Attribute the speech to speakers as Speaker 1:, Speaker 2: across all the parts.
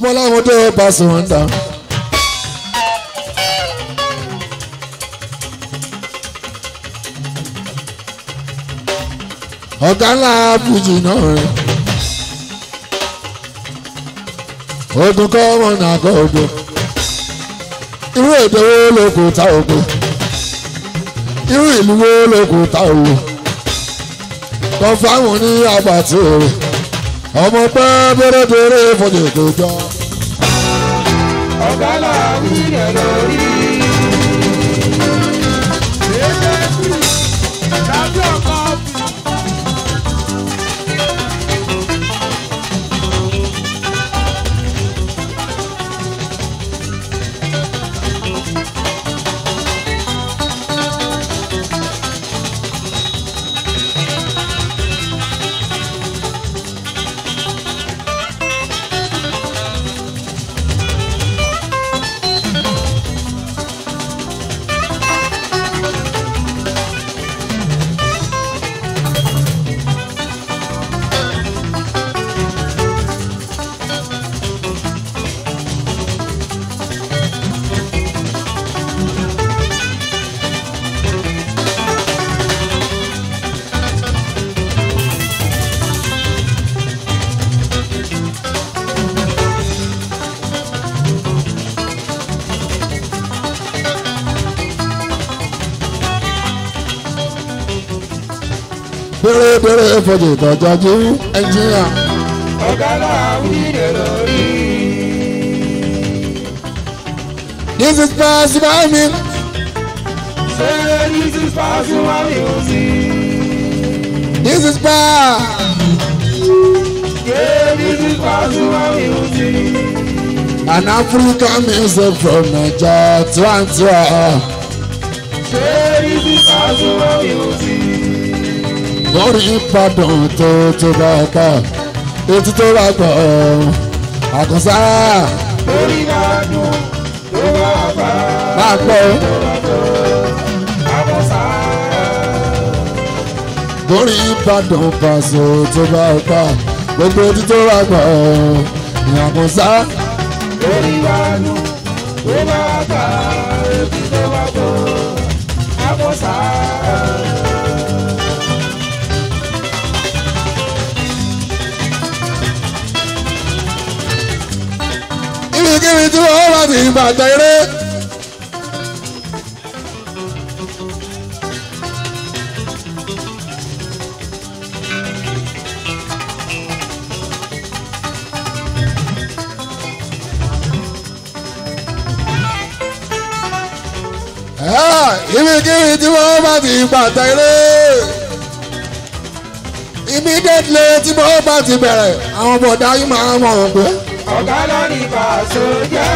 Speaker 1: jùmọ̀ láwọn tó bá sọ̀rọ̀ ń ta. ọ̀gá ńlá bùjù náà rẹ̀ ogun kọ́ wọn nà kọ́ ogun irú èdè wo ló kò ta ogun irú ìlú wo ló kò ta ogun kọ́ fáwọn ní àgbàtì òru ọmọ pẹ́ bẹ́rẹ̀ bẹ́rẹ̀ fọyín tó jọ.
Speaker 2: ọ̀gá làwọn ìrẹ̀ lórí.
Speaker 1: lóde ìtọ́jọ́ jí ẹnjíníà. ọ̀gá náà wílé lórí. This is Pasuma mi. ṣé this is Pasuma mi ò sí. This is pa. ṣé
Speaker 2: this is Pasuma mi ò sí.
Speaker 1: An African music from Naija to Antua.
Speaker 2: this is Pasuma mi ò sí
Speaker 1: orí ìbàdàn tó tó bá ká etí tó bá gbọ́ àkànṣá. orí máa dùn tó bá bá. máa gbọ́. àkànṣá. orí ìbàdàn pàṣẹ tó bá ká gbogbo etí tó bá gbọ́ àkànṣá.
Speaker 2: orí máa dùn tó bá bá etí tó bá gbọ́ àkànṣá.
Speaker 1: níbikíbi tí wọ́n bá ti bàtà eré. ibikíbi tí wọ́n bá ti bàtà eré immediately tí wọ́n bá ti my àwọn I'm yìí to die, my pé ọ̀gá lórí Paso jẹ́.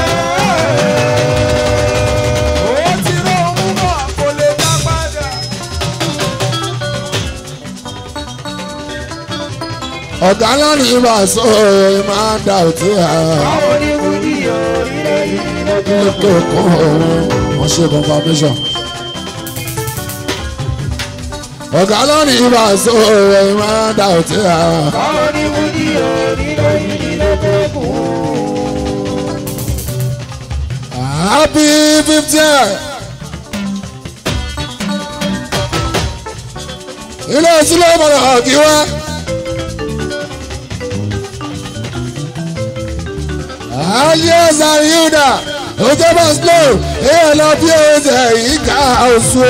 Speaker 1: ọ̀gá lọ́nà ìbá sọ ẹ̀ máa dà òtí ẹ̀. àwọn oníwùdí yóò ilé yìí lọ́jọ́ ìkókó wọn ṣe confirmation. ọ̀gá lọ́nà ìbá sọ ẹ̀ máa dà òtí ẹ̀. àwọn oníwùdí yóò ilé yìí ológun. happy fiftieth. ilé sílẹ̀ ìbàdàn àti wá. ayé ọ̀sán yìí dà ojú bá slow èèyàn lọ bí oúnjẹ yìí ká oṣù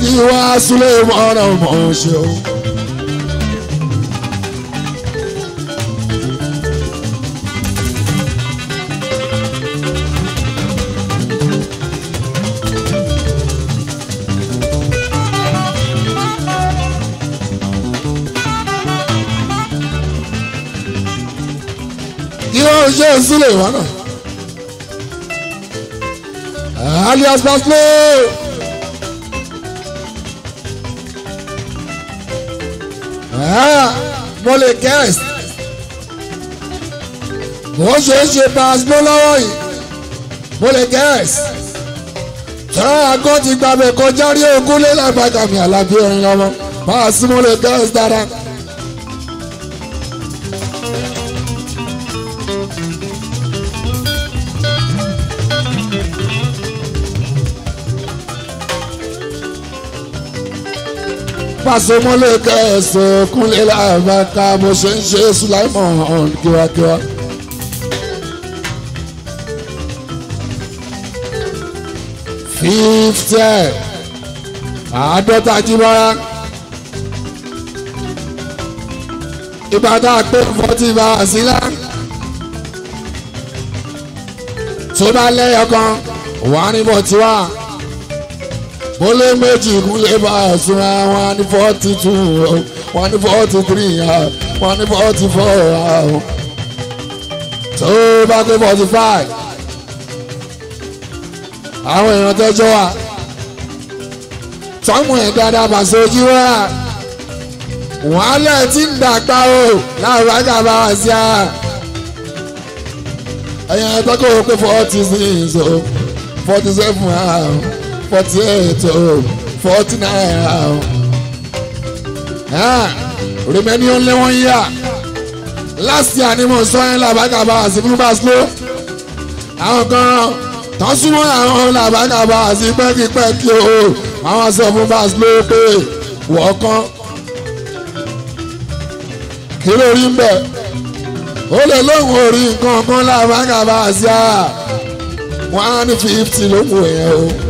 Speaker 1: kí wọ́n á súlẹ̀ mọ́ràn mọ́ sílẹ̀ wá náà. alias Paslo. Ah, mọ̀lẹ̀ guest. mo ṣe é ṣe Paslo lọ́wọ́ yìí mọ̀lẹ̀ guest. sọ́ra kan ti gbàgbẹ́ kọjá rí ogún lé lágbàdàmì àlàbí orin ọmọ máa sí mọ̀lẹ̀ guest dára. Pasumule kẹsàn-án kúnlẹ̀ làbàtà mo ṣe ń ṣe Sulaimon kíákíá. fifty àádọ́ta jíbára ìbàdàn àpé forty bá a sílá tó bá lẹ́yọ̀ kan wà á tí wà mọ́lé méjì kúnlẹ̀ bá a súnra wọn ní forty two wọn ní forty three wọn ní forty four tó bá pé forty five àwọn èèyàn tẹ́jọ́ wa tọ́mù ẹ̀ dáadáa bàṣẹ ojú wa wàhálà tí ń dàgbà o láàrú ajá bá wá sí a ẹ̀yìn ẹ̀tọ́ kò pé forty six o forty seven a. Oh, forty eight o oh. forty nine ah, o. Remain only one year. Last year ni mo sọ yẹn làbákàbá àti fúnbàṣọ. Àwọn kan tán súnmọ́ àwọn làbákàbá àti pẹ́kipẹ́ki o. Oh. Àwọn sọ fúnbàṣọ pé wọ́n kán. Kí ló rí ń bẹ̀? Ó lè lóhùn orí nǹkan kan làbákàbá ah. àti à. One fifty ló mú ẹ̀ o.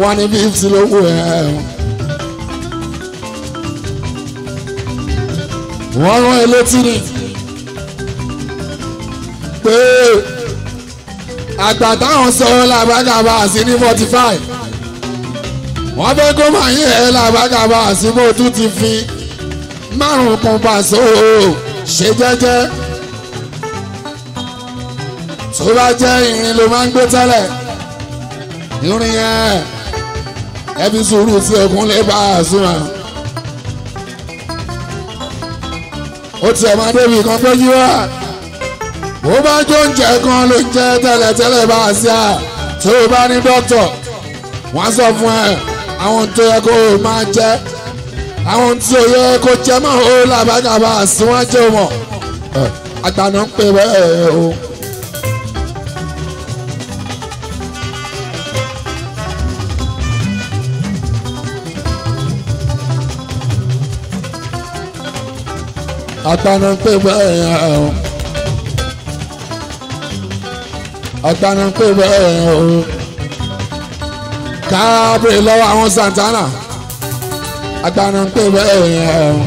Speaker 1: wọ́n ní fífi lówó ẹ̀. E. wọ́n rán ẹ létí ni pé àgbà táwọn sọ làbágàbà sí ní forty five wọ́n fẹ́ kó máa yín ẹ̀ làbágàbà sí mo tún ti fi márùn-ún kan pàṣẹ òòó ṣe jẹ́jẹ́ tó bá jẹ́ irin ló máa ń gbé tẹ́lẹ̀ irin yẹn ẹ fi sùúrù sí ẹkún lẹ́bà àsúnà. ó ti ẹ̀ máa débi kan pé yíwá bó bá jó ń jẹ kan ló ń jẹ tẹ́lẹ̀tẹ́lẹ̀ bá a sí à tó o bá ní dókítọ̀ wọ́n á sọ fún ẹ àwọn tó yẹ kó o máa jẹ àwọn tí o yẹ kó jẹ máa ó làbájábá àsúnwájú mọ̀ àgbàdo ń pè bẹ́ẹ̀ o. àtànàpé bẹ́ẹ̀ yẹn o àtànàpé bẹ́ẹ̀ yẹn o káàbìrì lọ́wọ́ àwọn Santana àtànàpé bẹ́ẹ̀ yẹn o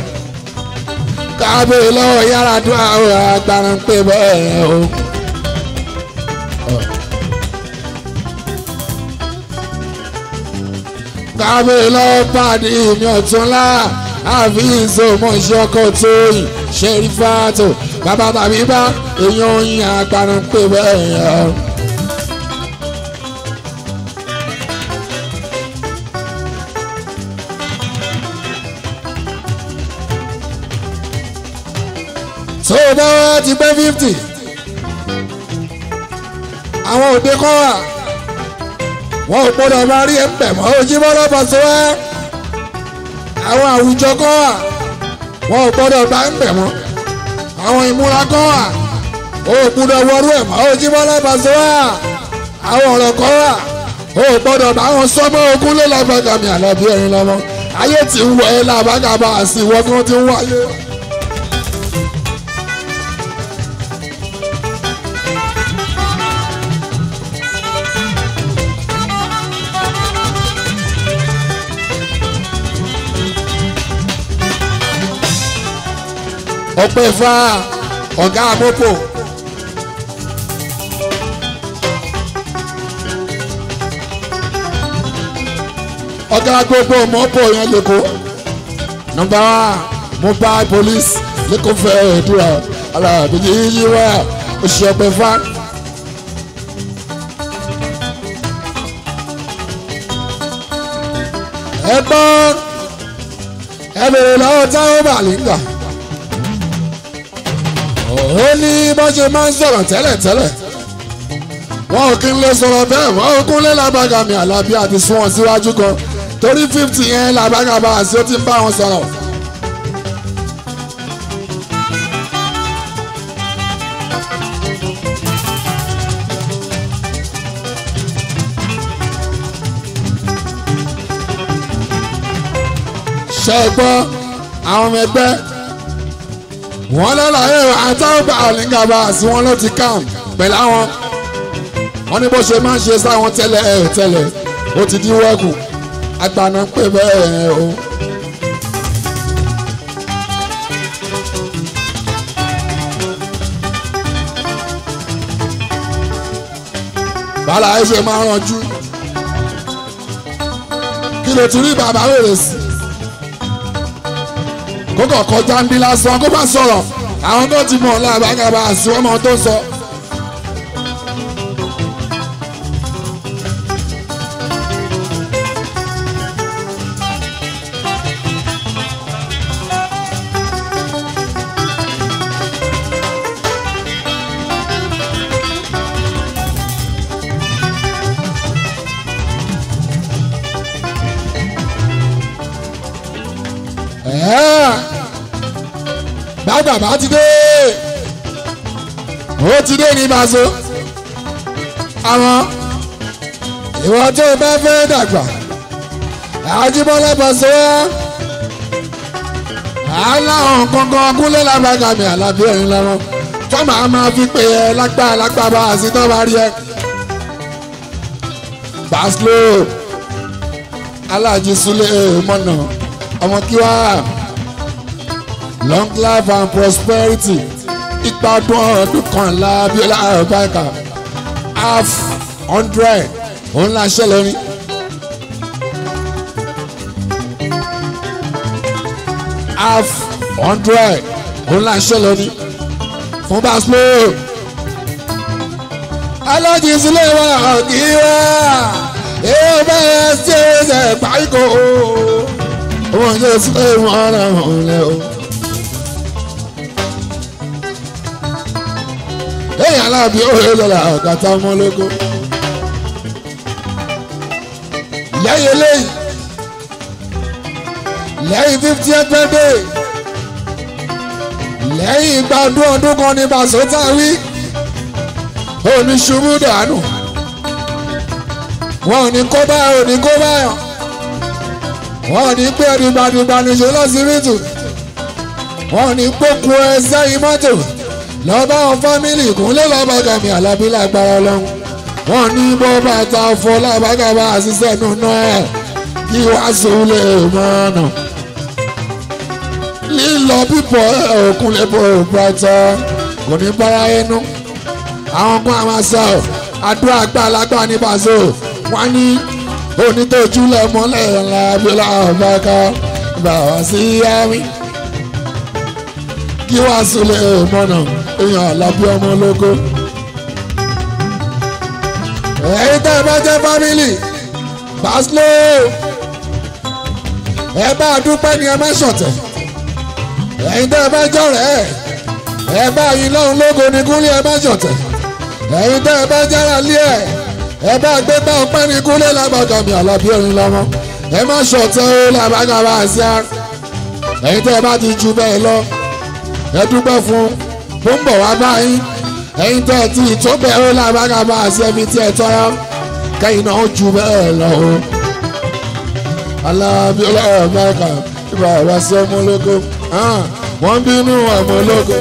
Speaker 1: káàbìrì Yaradua o àtànàpé bẹ́ẹ̀ yẹn o. káàbìrì lọ́wọ́ pàdé mi ọ̀túnlá Ṣẹ́rífátù bàbá tàbí bá èèyàn oyin àgbàrán pé bẹ́ẹ̀ yọ. tó o bá wá ti pé fifty àwọn òde kọ́ wà wọn ò gbọ́dọ̀ máa rí ẹ̀ pẹ̀ mọ́ ojú bọ́lá bọ̀ tó wá àwọn àwùjọ kọ́ wà wọn ò gbọ́dọ̀ bá ń bẹ̀ wọ́n àwọn ìmúra kan wà ó gbúdọ̀ wọrú ẹ̀ mọ́ ojú bọ́lá ìbàṣẹ́ wà àwọn ọ̀rọ̀ kan wà ó gbọ́dọ̀ bá wọn sọ́mọ́ ogún lé lábàgàmì àlàbí ẹ̀rín lọ́mọ ayé ti ń wọ ẹ́ lábàgàmà àsìwọ́ tí ti ń wáyé. ọpẹ́ fa ọ̀gá àmọ́pò. ọ̀gá gbogbo mọ́pọ̀ yẹn lẹ́kọ̀ọ́ nọ́mbà mobile police lẹ́kọ̀ọ́ fẹ́ ẹ̀dúrà alábìyí yíyí wá oṣù ọpẹ́ fa. ẹ gbọ́ ẹ bèrè lọ́wọ́ táwọn bàlí ń gbà ó ní bọ́n ṣe máa ń sọ̀rọ̀ tẹ́lẹ̀tẹ́lẹ̀ wọn ò kí n lè sọ̀rọ̀ bẹ́ẹ̀ wọn ò kún lé làbàgàmì àlàbí àti sún wọn síwájú kan torí fífitì yẹn làbàgàmà àti ó ti ń bá wọn sọ̀rọ̀. ṣe é gbọ́ àwọn ọmọ ẹgbẹ́ wọ́n lọ́láyé àtàwọn àlìngàbà sí wọn ló ti kàn pẹ̀lú àwọn wọn ní bó ṣe máa ń ṣe sáwọn tẹ́lẹ̀ tẹ́lẹ̀ ó ti dín wẹ́kù agbana ń pè bẹ́ẹ̀ o. bàlá ẹ ṣe máa ń ranjú kí ló tún rí bàbá wèrè sí kókò kọjá ń bí lásán kó bá sọ̀rọ̀ àwọn tó ti mọ̀ ọ́ lábàgàbà àti ọmọ tó sọ. bàbá bá ti dé ó ti dé ní mazo àwọn ìwọ tó bá fẹ́ dàgbà àjíbọ́lá pàṣẹ wá aláwọn kankan kúnlẹ̀ lágbàgà mi àlàbí ẹ̀yìn lọ́rọ́ tó máa máa fi pè ẹ́ lágbà lágbà bá àti tó bá rí ẹ. baslo alájí súlẹ̀ mọ̀nà ọmọ kí wàá long life and prosperity ìgbádùn ọdún kan lábíọ́lá àbáyíká half hundred òun la ṣe lórí. half hundred òun la ṣe lórí fún basmo. alájí sílẹ̀ wà kí wá èèyàn bẹ́ẹ̀ ṣe é ṣe pàíkò òun yóò sílẹ̀ wọn ọ̀rọ̀ òun lẹ́wọ̀n. Hey oh ẹ̀yìn aláàbí òye lọ́la ọ̀gàtà ọmọlógún. lẹ́yìn eléyìí lẹ́yìn fiftieth birthday lẹ́yìn ìgbàdún ọdún kan ní bàṣọ́tà wí oníṣubú dànù wọn ò ní ni koba yo ní kó báyọ̀ wọn ò ní pé ẹ̀dùgbàdùgbà níṣẹ́ ni wọn ò ní pé ni ẹ sẹ́yìn mọ́tò lọ́ba àwọn fámìlì ìkúnlẹ̀ lọ́ba gàmì àlàbí lágbára ọlọ́run wọ́n ní bọ́ bàtà fọlábàgàbà àṣìṣe nùnà kí wàá sòwúlẹ̀ mọ́nà lílọ bíbọ̀ òkúnlẹ̀ bọ̀ bàtà kò ní bára ẹnu àwọn kan àwọn aṣọ àdúrà gbàlagbà ní pàṣẹ wọn ní onítòjú lẹ́mọ́lẹ̀ làbílà ọ̀bàkà bàwá sí yá mi kí wàá sòwúlẹ̀ mọ́nà èèyàn àlàbí ọmọ ológo. ẹ̀yin tẹ́ ẹ bá jẹ́ fámìlì pásítọ̀ ẹ bá dúpẹ́ ni ẹ má ṣọ̀tẹ̀ ẹ̀yin tẹ́ ẹ bá jọ̀rẹ́ ẹ bá yín lọ́hùn lógo ní kúnlẹ̀ ẹ má ṣọ̀tẹ̀ ẹ̀yin tẹ́ ẹ bá jára lé ẹ̀ ẹ bá gbé bá ọpẹ́ ní kúnlẹ̀ lágbàdo mi àlàbí ẹ̀yin lọ́mọ ẹ má ṣọ̀tẹ̀ ó làbágàbá àṣà ẹ̀yin tẹ́ ẹ bá ti ju bẹ́ẹ̀ lọ ẹ dúpẹ́ fún mo ń bọ̀ wá báyìí ẹ̀yin tẹ́ ẹ ti tó bẹ́ẹ̀ ó lágbára máa ṣe ẹbí tí ẹ tọ́yọ́ kẹ́yìn náà ó ju bẹ́ẹ̀ lọ o. alábí ọlọ́run mẹ́ka ibà ọ̀rọ̀ sí ọmọ ológo ah, wọ́n bínú ọmọ ológo.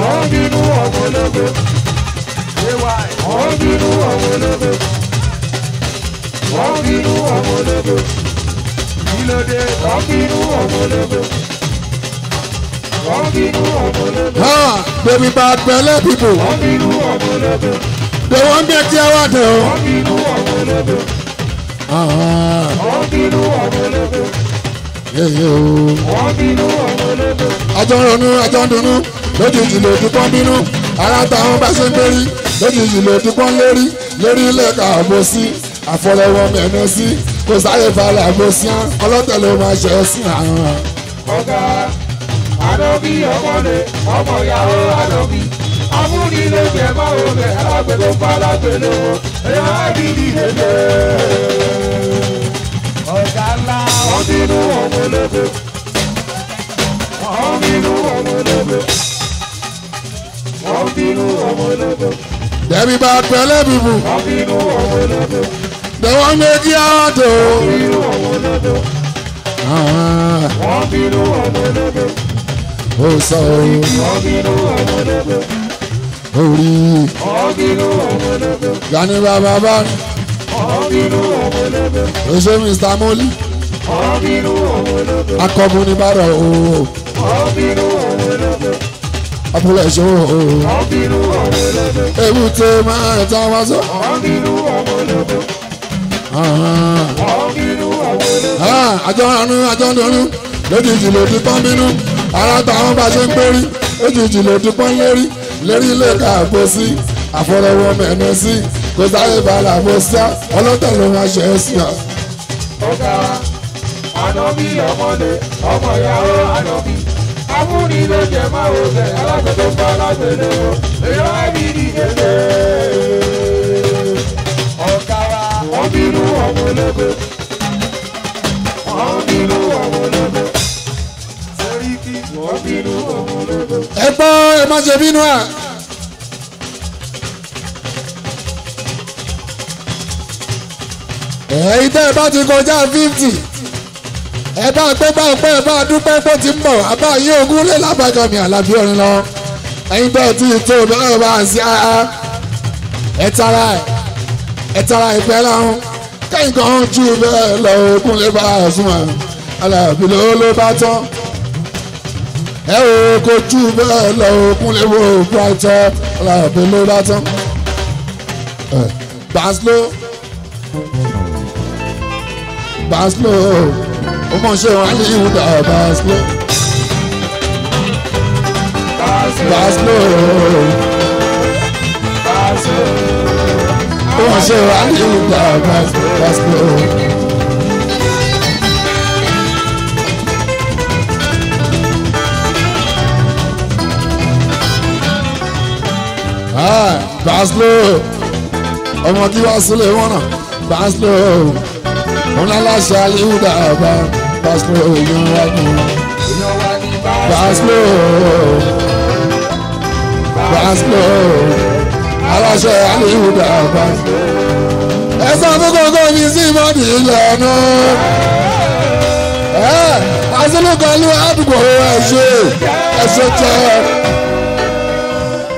Speaker 2: wọ́n bínú ọmọ ológo. wọ́n bínú ọmọ ológo.
Speaker 1: wọ́n bínú ọmọ ológo. kí ló bínú ọmọ ológo. Ah, they be bad belly people. They won't get their water.
Speaker 2: Ah.
Speaker 1: Àjọ ń ronú, àjọ ń dunnú, lójijì lòdì pọ́n bínú, ara táwọn bá ṣe ń gbérí, lójijì lòdì pọ́n lérí, lérí ilé kààbò sí, àfọlẹ́wọ́ mẹ́nu sí, kò sáyé balẹ̀ àgbo sí, ọlọ́tẹ̀ ló máa ṣe é sí àwọn. Ọ̀gá
Speaker 2: àdóbi ọmọdé ọmọ ìyàwó àdóbi amúnilójẹ máa ń bẹ alágbèló bá alágbèló ẹ̀yà àdìdì lẹ́gbẹ̀. ọ̀gá ńlá wọn bínú ọmọ lẹ́gbẹ̀.
Speaker 1: wọn bínú ọmọ lẹ́gbẹ̀. wọn bínú ọmọ lẹ́gbẹ̀. dẹ́bi bá pẹ́lẹ́ bìbù. wọn bínú ọmọ lẹ́gbẹ̀. dẹ́wọ́n méjì àádọ́. wọn bínú ọmọ
Speaker 2: lẹ́gbẹ̀. wọn bínú ọmọ lẹ́gbẹ̀
Speaker 1: ó sọ ó orí gani bàbá bá ó ṣe Mr Moli akọ́mu ní bàrà o ọpọlọṣọ o ebute máa ta wá sọ. àjọ àánú àjọ lórí lójijì lòdì pọ́nbínú ara táwọn bá ṣe ń gbórí òjijì ló ti pọ́n lérí lérí ilé káàpọ̀ sí àfọlọ́wọ́ mẹ́nu sí kò sáré balà mo sá ọlọ́tọ̀ ló máa ṣe é sí ọ. ọ̀gá àná bí ọmọdé ọmọ ìyàwó àná bí
Speaker 2: amúni ló jẹ máa wò bẹ aláṣẹ tó bá aláṣẹ lé o èyí wá bí ní gèlè. ọ̀gá wa ọmọ ológo. ẹ
Speaker 1: gbọ́ ẹ má ṣe bínú à. ẹ̀yin tẹ́ ẹ bá ti kọjá fíftì ẹ bá pé bá pé ẹ bá dúpẹ́ pé ti ń bọ̀ àbá yín ogún lé lábàgàmì àlàbí ọ̀run lọ ẹ̀yin tẹ́ ẹ ti tó lọ́wọ́ bá sí ara ẹ tara ẹ ẹ tara ìpẹ́ láhùn kẹ́yìn kan jù bẹ́ẹ̀ lọ ogún lé bá sùn àlàbí ló ló bá tán ẹ ò kojú bẹ́ẹ̀ lọ Kúnlé wo brighton ọlọ́ọ̀bẹ ló bá tán baslo baslo ó mọ̀ ṣe wọn ní ìwúdà baslo baslo ó mọ̀ ṣe wọn ní ìwúdà baslo. gbàsílò ah, ọmọ tí wàá sílẹ̀ wọn náà gbàsílò ọmọ aláṣẹ aléwùdà bá gbàsílò èèyàn wá ní gbàsílò gbàsílò aláṣẹ aléwùdà bá ẹsẹ̀ àkókò mi sí ìmọ̀dì ilẹ̀ nù. Asọ́lọ́kọ̀ ló àdúgbò ẹ̀ṣẹ̀ ẹ̀ṣẹ̀ jẹ́.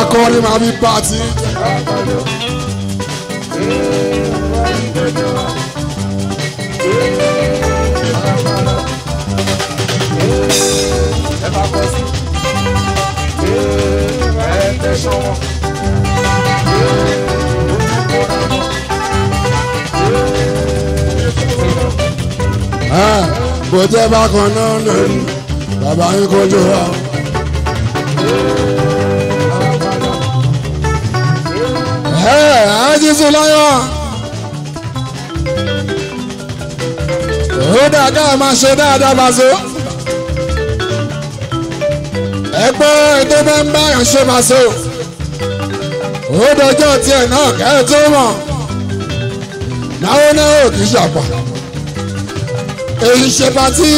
Speaker 1: akọni máa bí pati. Yeah. bó jẹ́ bákan náà lórí bàbá yín kò jọra. ajísù láyọ̀ ó dà ká máa ṣe dáadáa bàṣọ. ẹ gbọ́ ètò bá ń báyọ̀ ṣe bàṣọ. ó dọjọ́ tiẹ̀ náà kẹ́ ẹ tó mọ̀ náwó náà ò kì í ṣàpà èyí ṣe patí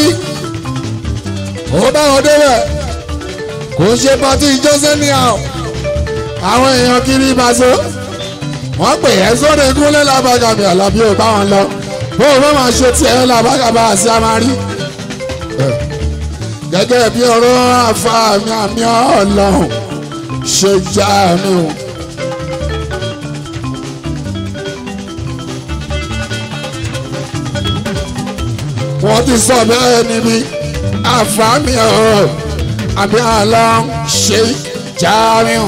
Speaker 1: ó bá wọn débẹ̀ kò ṣe patí jọ́sẹ́ni àwọn èèyàn kiri ìbáṣọ wọ́n pè é sóde gúnlẹ̀ lábàgàmì àlàbí ò bá wọn lọ bó o bá máa ṣe tiẹ̀ làbàgàbà àti àmàrí gẹ́gẹ́ bí ọ̀rọ̀ àfa àmì àmì ọlọ́run ṣe já mi o. wọ́n ti sọ bẹ́ẹ̀ níbi àfàmì ọ̀rọ̀ àbí aláǹṣe jáàmíù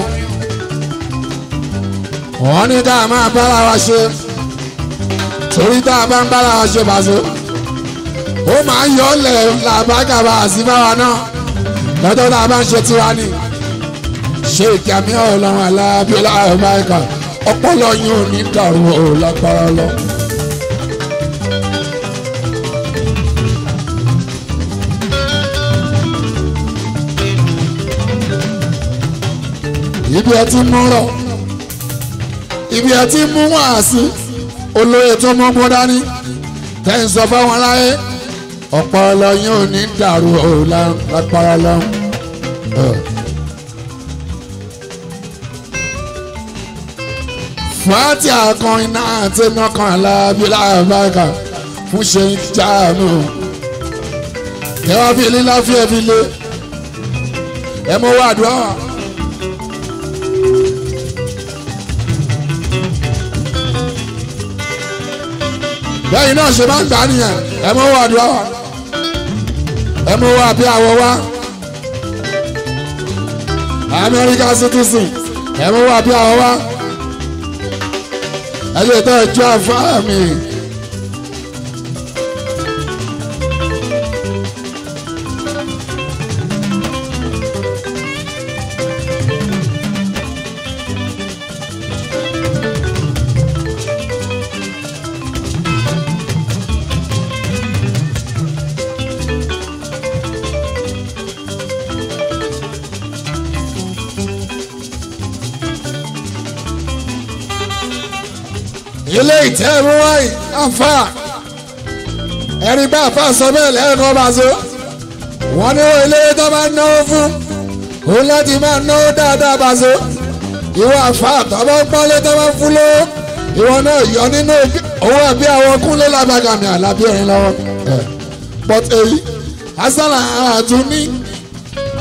Speaker 1: wọ́n ní tá a máa bára wa ṣe torí tá a bá ń bára wa ṣe bàṣọ ó máa ń yọ ọ́lẹ̀ làbágàbà àti báwa náà lọ́jọ́ tá a bá ń ṣe tiwa ni ṣe ìkàmí ọlọ́run alábíọ́lá ọ̀bá ẹ̀ka ọpọlọ yín ò ní dàrú ọ̀ lágbára lọ. ibi ẹ ti mú rọ ibi ẹ ti mú wàásù olóyè tó mú mú dání tẹ́ ń sọ fáwọn aláyé ọ̀pọ̀ ọlọ́yìn ò ní dàrú ọ̀la lápára lọ́hùn. fàtí akọrin náà ti nọkàn aláàbí láàbàkà fún ṣe ń jáàmù tẹ́wọ́ fi lílá fi ẹ̀fi lé ẹ mọ́ wàdúrà. lẹ́yìn náà ṣe máa ń gbà nìyẹn ẹ mú owó àdúrà wa ẹ mú owó àbí àwọ̀ wa Amẹ́ríkà citizen ẹ mú owó àbí àwọ̀ wa ẹ lè tọ́ ẹjọ́ àfáà mi. tẹ́ ẹ mú wáyé àfa ẹ̀rí bá àfa sọ bẹ́ẹ̀ lẹ́ẹ̀kan bá so wọ́n ní owó ilé tó bá náwó fún òun láti máa náwó dáadáa bá so ìwọ àfa àtọ́bọ̀ pọ́nlé tó bá fún lówó ìwọ náà yọ nínú owó àbí àwọn kúnlé lábàgàmì àlàbí ẹ̀rín lọ́wọ́ but èyí asálà àtúní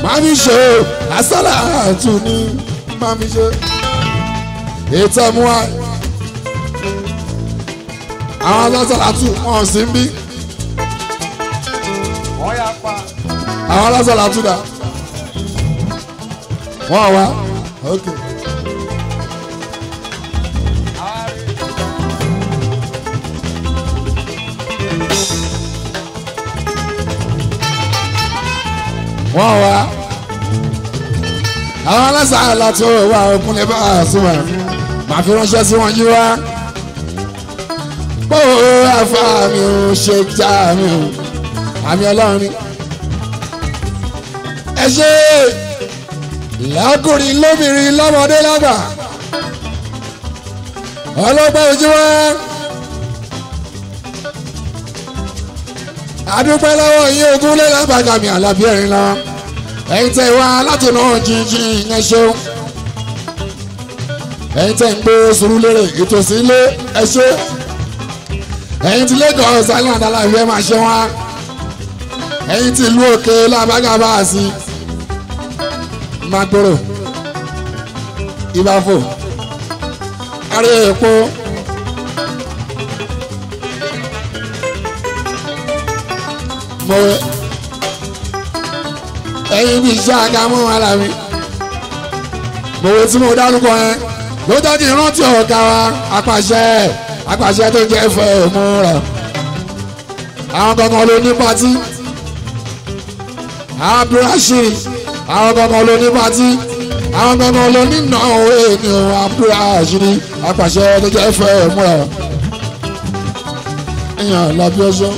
Speaker 1: mami ṣe o asálà àtúní mami ṣe ètò ẹ̀mú àwọn alásàlátù wọn sì ń bí. àwọn alásàlátù dà wọ́n wá ok. wọ́n wá àwọn alásàlátù wà ó kúnlẹ̀ bá a sùn wá màá fi ránṣẹ́ sí wọn yí wá ó àfa mi ò ṣe já mi ò àmì ọlọ́run ni. ẹ ṣe lákùnrin lóbìnrin lọ́mọdé lágbà ọlọ́gbọ́n ojú wa. adúpẹ́ lọ́wọ́ yín ogún lé lábàgà mi àlàbí ẹ̀rín lọ ẹ̀yin tẹ̀ wá láti náà jíjìn yẹn ṣeun ẹ̀yin tẹ̀ ń gbé sùúrù lérè ètò sí ilé ẹ ẹ̀yin ti Lagos Island aláìwé máa ṣe wá ẹ̀yin ti ìlú òkè lábágàbá àti magboro ibafo arí èkó. mo ẹ̀yin bíi iṣẹ́ àgàmú alámi mo wo tí mo dárúkọ yẹn ló dájú ìrántí ọ̀gá wa apàṣẹ apàṣẹ tó jẹ́ fẹ́ òmùra àwọn gangan ló ní pati abdulrasheed àwọn gangan ló ní pati àwọn gangan ló ní nà òwe ní abdulrasheed apàṣẹ tó jẹ́ fẹ́ òmùra ìyàn lábí ọjọ́.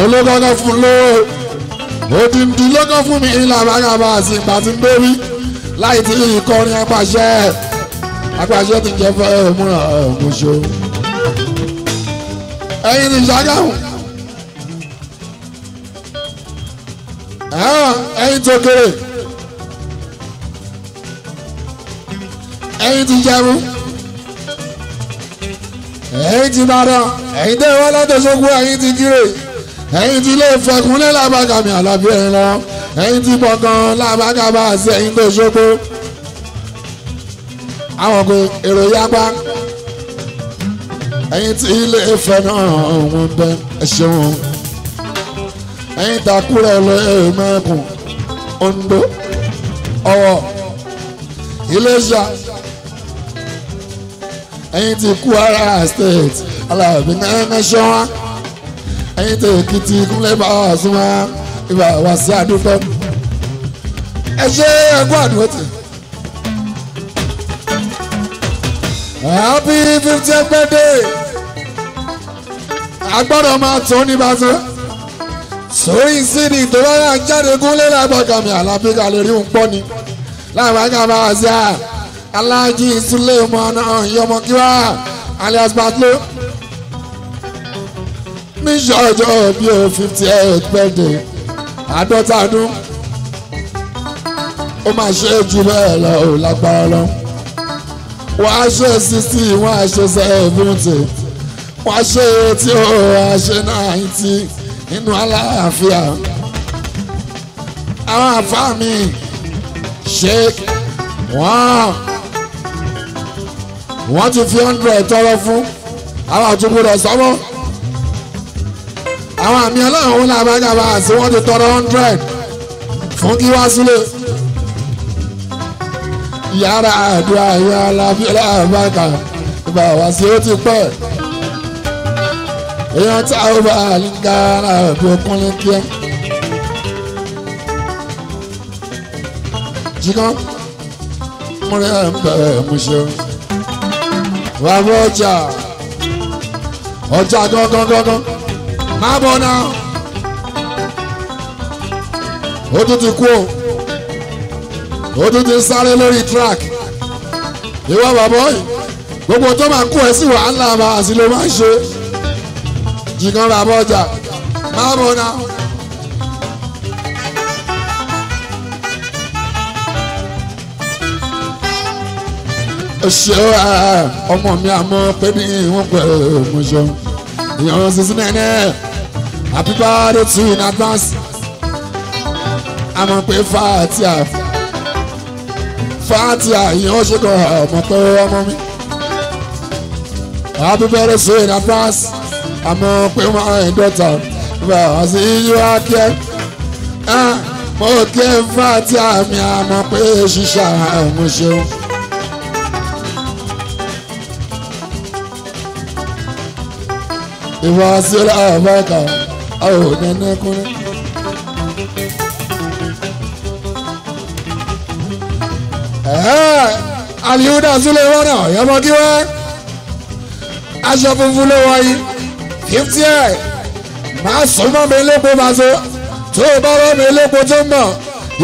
Speaker 1: ológọ́gọ́ fún lówó òdìndínlógún fún mi ìlànà àgàbà àti ìgbà tí ń bẹ́rí láì tí ìkọrin apàṣẹ apàṣẹ ti jẹ fẹ́ òmùra òmùṣọ. ẹ̀yin ní Ṣàgámù ah, ẹ̀yin tó kéré ẹ̀yin ti jẹmu ẹ̀yin ti bàdàn ẹ̀yin tẹ wọn lọdọ sókú ẹ̀yin ti kéré ẹ̀yin ti lè fẹkùn lẹ́làbàgàmì àlàbí ẹ̀yin lọ ẹ̀yin ti bọ̀gàn làbàgàbà àti ẹ̀yin tó sókú àwọn pé èrò yapa ẹ̀yin tí ilé Ifẹ̀ náà wọ́n bẹ ẹ ṣeun ẹ̀yin takúrẹ́ lọ ẹ̀ẹ́mẹ́kùn Ondo Ọ̀wọ̀ Iléṣà ẹ̀yin tí Kwara state Alábí náà ṣọ́ wá ẹ̀yin tí Èkìtì kúnlẹ̀ bá wà súnmọ́ ibà wá sí àdúgbò ẹ ṣe ẹgbẹ́ àdúgbò tẹ̀. happy fiftieth birthday agbọ́dọ̀ máa tún ní bàtú sórí sídì tó bá yà jáde gúnlé lágbàgàmì àlàbí kàlẹ́ rí òun pọ́ ni lágbàgàmà àṣà aláàjì Suleiman ọ̀yọ́mọkíwá alias Batlo ní ṣọ́jọ́ bí o fiftieth birthday àádọ́ta ọdún ó máa ṣe é jù bẹ́ẹ̀ lọ ò lágbára lọ wọ́n á ṣe sixty wọ́n á ṣe seventy wọ́n á ṣe eighty oh, wọ́n á ṣe ninety nínú aláàfíà àwọn àfáà mi ṣe wọ́n wọ́n ti fi hundred tọrọ fún àwọn àtúntò rẹ̀ sọ́mọ́ àwọn àmì ọlọ́run làbájábá àti wọ́n ti tọrọ hundred fún kí wá sílé yàrá àdúrà yẹn aláfíà àbáka ìgbà wá sí ó ti pẹ́ èèyàn tá a bá àlìkà ara ẹ̀dùn kúnlẹ̀ kíá. ṣùgbọ́n mo rí ẹ̀ ń bẹ̀rẹ̀ mú ṣe wàá ọjà ọjà gangan gangan má bọ̀ náà ó tún ti kú o ó tún ti sáré lórí track ìwọ bàbá yìí gbogbo tó máa kó ẹ sí wàhálà bá àti ló máa ń ṣe jìkan bàbá ọjà máa bọ̀ náà. ṣe ọmọ mi àmọ́ pé ní ìwọ̀n pẹ̀lú ìmọ̀ṣọ́ ìyàwó sísun nẹ́nẹ́ happy birthday to you in advance àmọ́ pé fàá tí a fẹ́ fáàtì àyìn ó ṣe kan ọmọ pé ọmọ mi. happy birthday na france àmọ́ pé wọ́n á ẹ̀ dọ́ta bá a sì yí wá kẹ́. mo kí fáàtì àmì àmọ́ pé ṣíṣà ọmọ ṣeun. ìwà sílẹ̀ àbáka àwọn ò nẹ́nẹ́kúnrin. aliuda sulemana yọmọdéwẹ aṣọ funfun ló wọ̀nyí fifty ẹ máa súnmọ́ mi lépo bàtó tó o bá rọ́ mi lépo tó ń bọ̀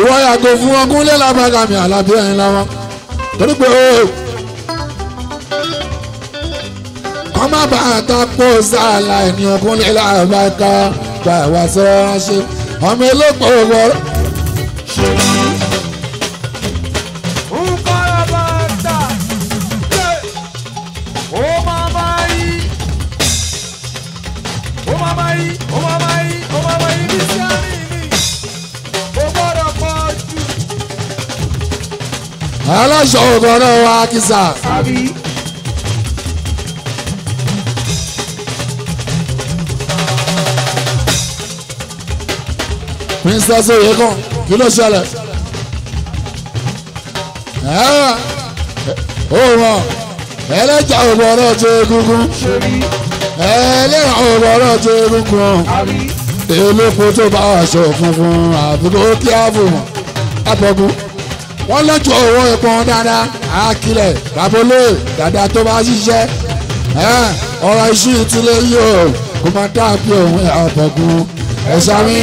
Speaker 1: ìwọ yàgò fún ọkùn lẹ́la bàgàmì àlàbí ẹ̀yìn làwọn torí pé o kọ́ má bàa ta kó sáàlà ẹ̀yìn ọkùn lẹ́la bàgàmì gbà wá sọ́ra ṣe ọmọ elépo wọ́rọ́. aláṣọ ọ̀bọ̀rọ̀ wa kìsà. Princess Oyekan kí ló ṣẹlẹ̀? ó mọ̀ ẹlẹ́jà ọ̀bọ̀rọ̀ tó egungun ẹlẹ́ràn ọ̀bọ̀rọ̀ tó egungun elépo tó bá aṣọ funfun àbúrò kí á bù wọ́n wọ́n lọ́jọ́ owó epo wọn dáadáa àákìlẹ̀ babolé dàda tó bá ṣiṣẹ́ ọ̀rọ̀ iṣu ìtìlẹ̀ yìí o kò máa dàbí òun àbọ̀gùn ẹ̀sà mi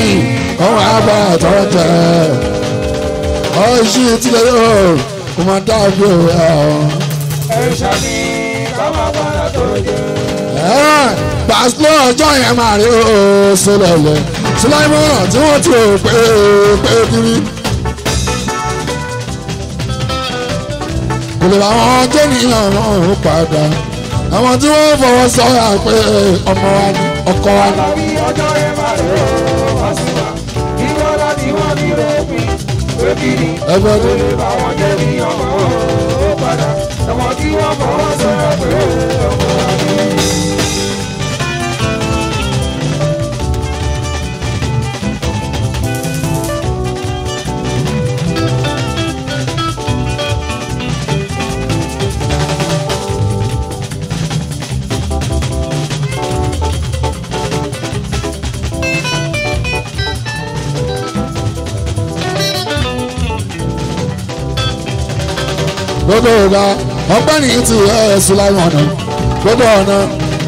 Speaker 1: ọ̀hún àbá àtọ̀rọ̀ jẹ́ ọ̀rọ̀ iṣu ìtìlẹ̀ yìí o kò máa dàbí òun ẹ̀hún.
Speaker 2: ẹ̀sà mi káwọn àbá àtọ̀rọ̀ jẹ́.
Speaker 1: pàṣẹ ọjọ́ yẹn máa rí o sílẹ̀ lẹ̀ sílẹ̀ mọ́ràn tí wọ́n ti rò pé pé kiri. kò lè bá wọn jẹ́nìyàn ọlọ́run padà àwọn tí wọ́n fọwọ́ sọ́ra pé ọmọ wa ni ọkọ wa
Speaker 2: ni. àbí ọjọ́ rẹ̀ máa rọ̀ wá sí wa kí lọ́la tí wọ́n ní lópin lókì ni kò lè bá wọn jẹ́nìyàn ọlọ́run padà àwọn tí wọ́n fọwọ́ sọ́ra pé ọmọ wa ni.
Speaker 1: gbogbo ìgbà ọpẹ́ ní ti ẹ̀ sùlámọ̀nà gbogbo ọ̀nà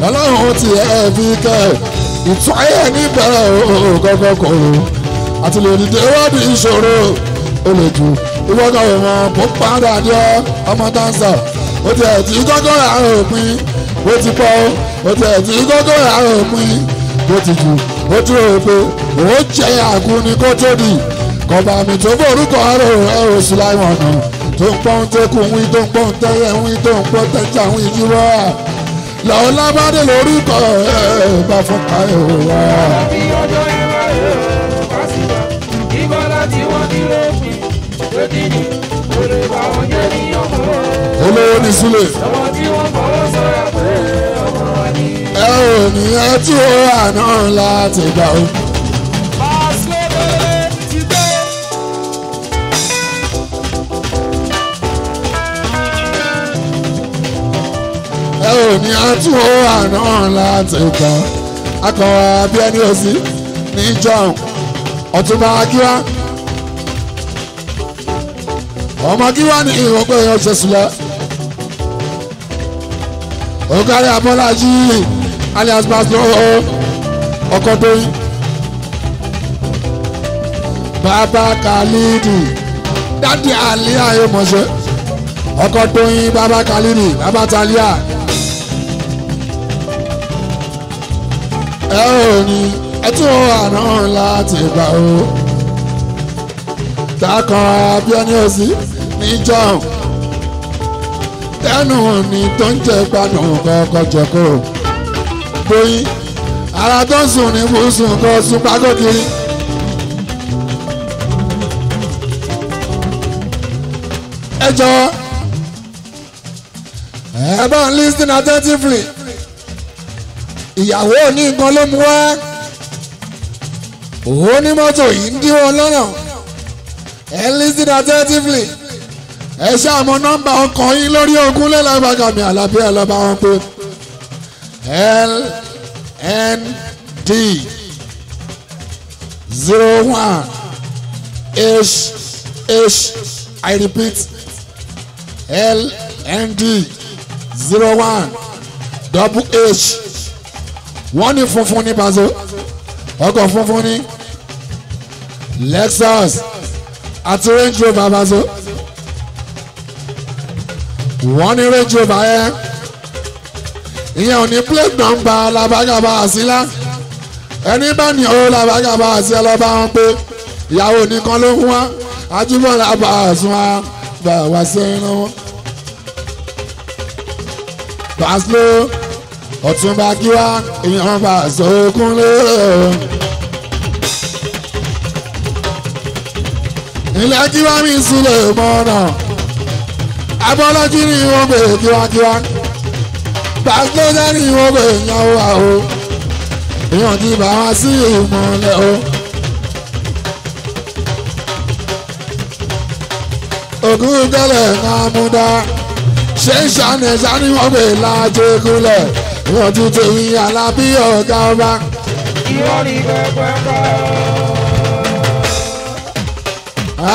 Speaker 1: ọlọ́run ti ẹ̀ fi kẹ́ ìtọ́ ẹ̀ níbẹ̀ ògọ́gọ́kọ̀ o àti lè dìde wọ́ọ̀dù ìṣòro olèjù ìwọ́gọ̀ ìmọ̀ bó padà dé ọmọ dáńsà ó ti ẹ̀ tí gọ́gọ́ rà òpin ó ti pọ̀ ó ti ẹ̀ tí gọ́gọ́ rà òpin ó ti jù ó ti rò pé òun jẹ́ àgùn ni kó tó dì kọ̀ọ̀bà mi tó forúkọ ọ̀rọ̀ ẹ̀ tó ń pọ́n tẹ́kùn wí tó ń pọ́n tẹ́yẹ wí tó ń pọ́n tẹ́jà wí jùlọ. làwọn lábàdé lórí kọ ẹ bá fún ká ẹ wò wá. láti
Speaker 2: ọjọ́ ìwà yóò wá sí wa ìbá láti wọ́n ti lè pin lódì ní olè bá wọn jẹ́ ní ọmọ
Speaker 1: rẹ̀. olówó ní sílẹ̀.
Speaker 2: ọmọ tí wọ́n fọwọ́ sọ̀rọ̀ pé ọmọ wa ní.
Speaker 1: ẹ ò ní ẹ tí ó rà náà láti gbà ó. òní àtún ó àná láti gbà akọ̀wé bí ẹni òsì ní john ọ̀túnba akíwá ọmọ akíwá ní ìwọ̀n pé èèyàn ṣe sílẹ̀ òkàrí abọ́lájí alias baslo ọkọ̀ tóyìn bàbá khalidi dádì àlíyá yóò mọ̀ ṣe bàbá khalidi bàbá talia. ẹ ò ní ẹ tún àná láti gbà ó. dákan abíọ́ní òsì níjọ́ tẹnu ni tó ń jẹ gbanú kọ́kọ́ jẹ kó bóyin ara tó ń sùn ní bùsùn kó sùn pákókì. ẹ jọ ẹ bá ń listen attentively ìyàwó onígan ló mú wá òun ní mọ́tò yìí ń dí wọn lọ́nà ẹ lísìn attentively ẹ ṣàmọ nọ́mbà ọkọ̀ yín lórí ogún lẹ́làbàgàmì àlàbí ẹlọ́ba wọn pé LND zero one H H I repeat LND zero one double H wọ́n ní funfun ní Paso ọkọ̀ funfun ní Lexus àti Range Rover Paso wọ́n ní Range Rover yẹn ìyẹn ò ní plate number labagaba àsílá ẹni bá ní owó labagaba àsílá lọ́ba wọn pé ìyàwó nìkan ló ń wá ajúbọ̀ làbà àsùn wa gbà wá sẹ́yìn lọ́wọ́. Paso ọ̀túnba kíwá èèyàn bá sókúnlé. ilé kíwá mi sílẹ̀ mọ́nà abọ́lájú ni wọ́n gbé kíwákíwá gbàgbọ́dá ni wọ́n gbé yan wà o èèyàn ti bá wá sí ìmọ̀lẹ̀ o. ògùn tẹ́lẹ̀ náà mú dá ṣé ṣàní ṣàní wọ́n gbé lájẹ́gúnlẹ̀ wọ́n ti tèmi alábí ọ̀gá ọba. irọ́ ni pẹ́pẹ́pẹ́.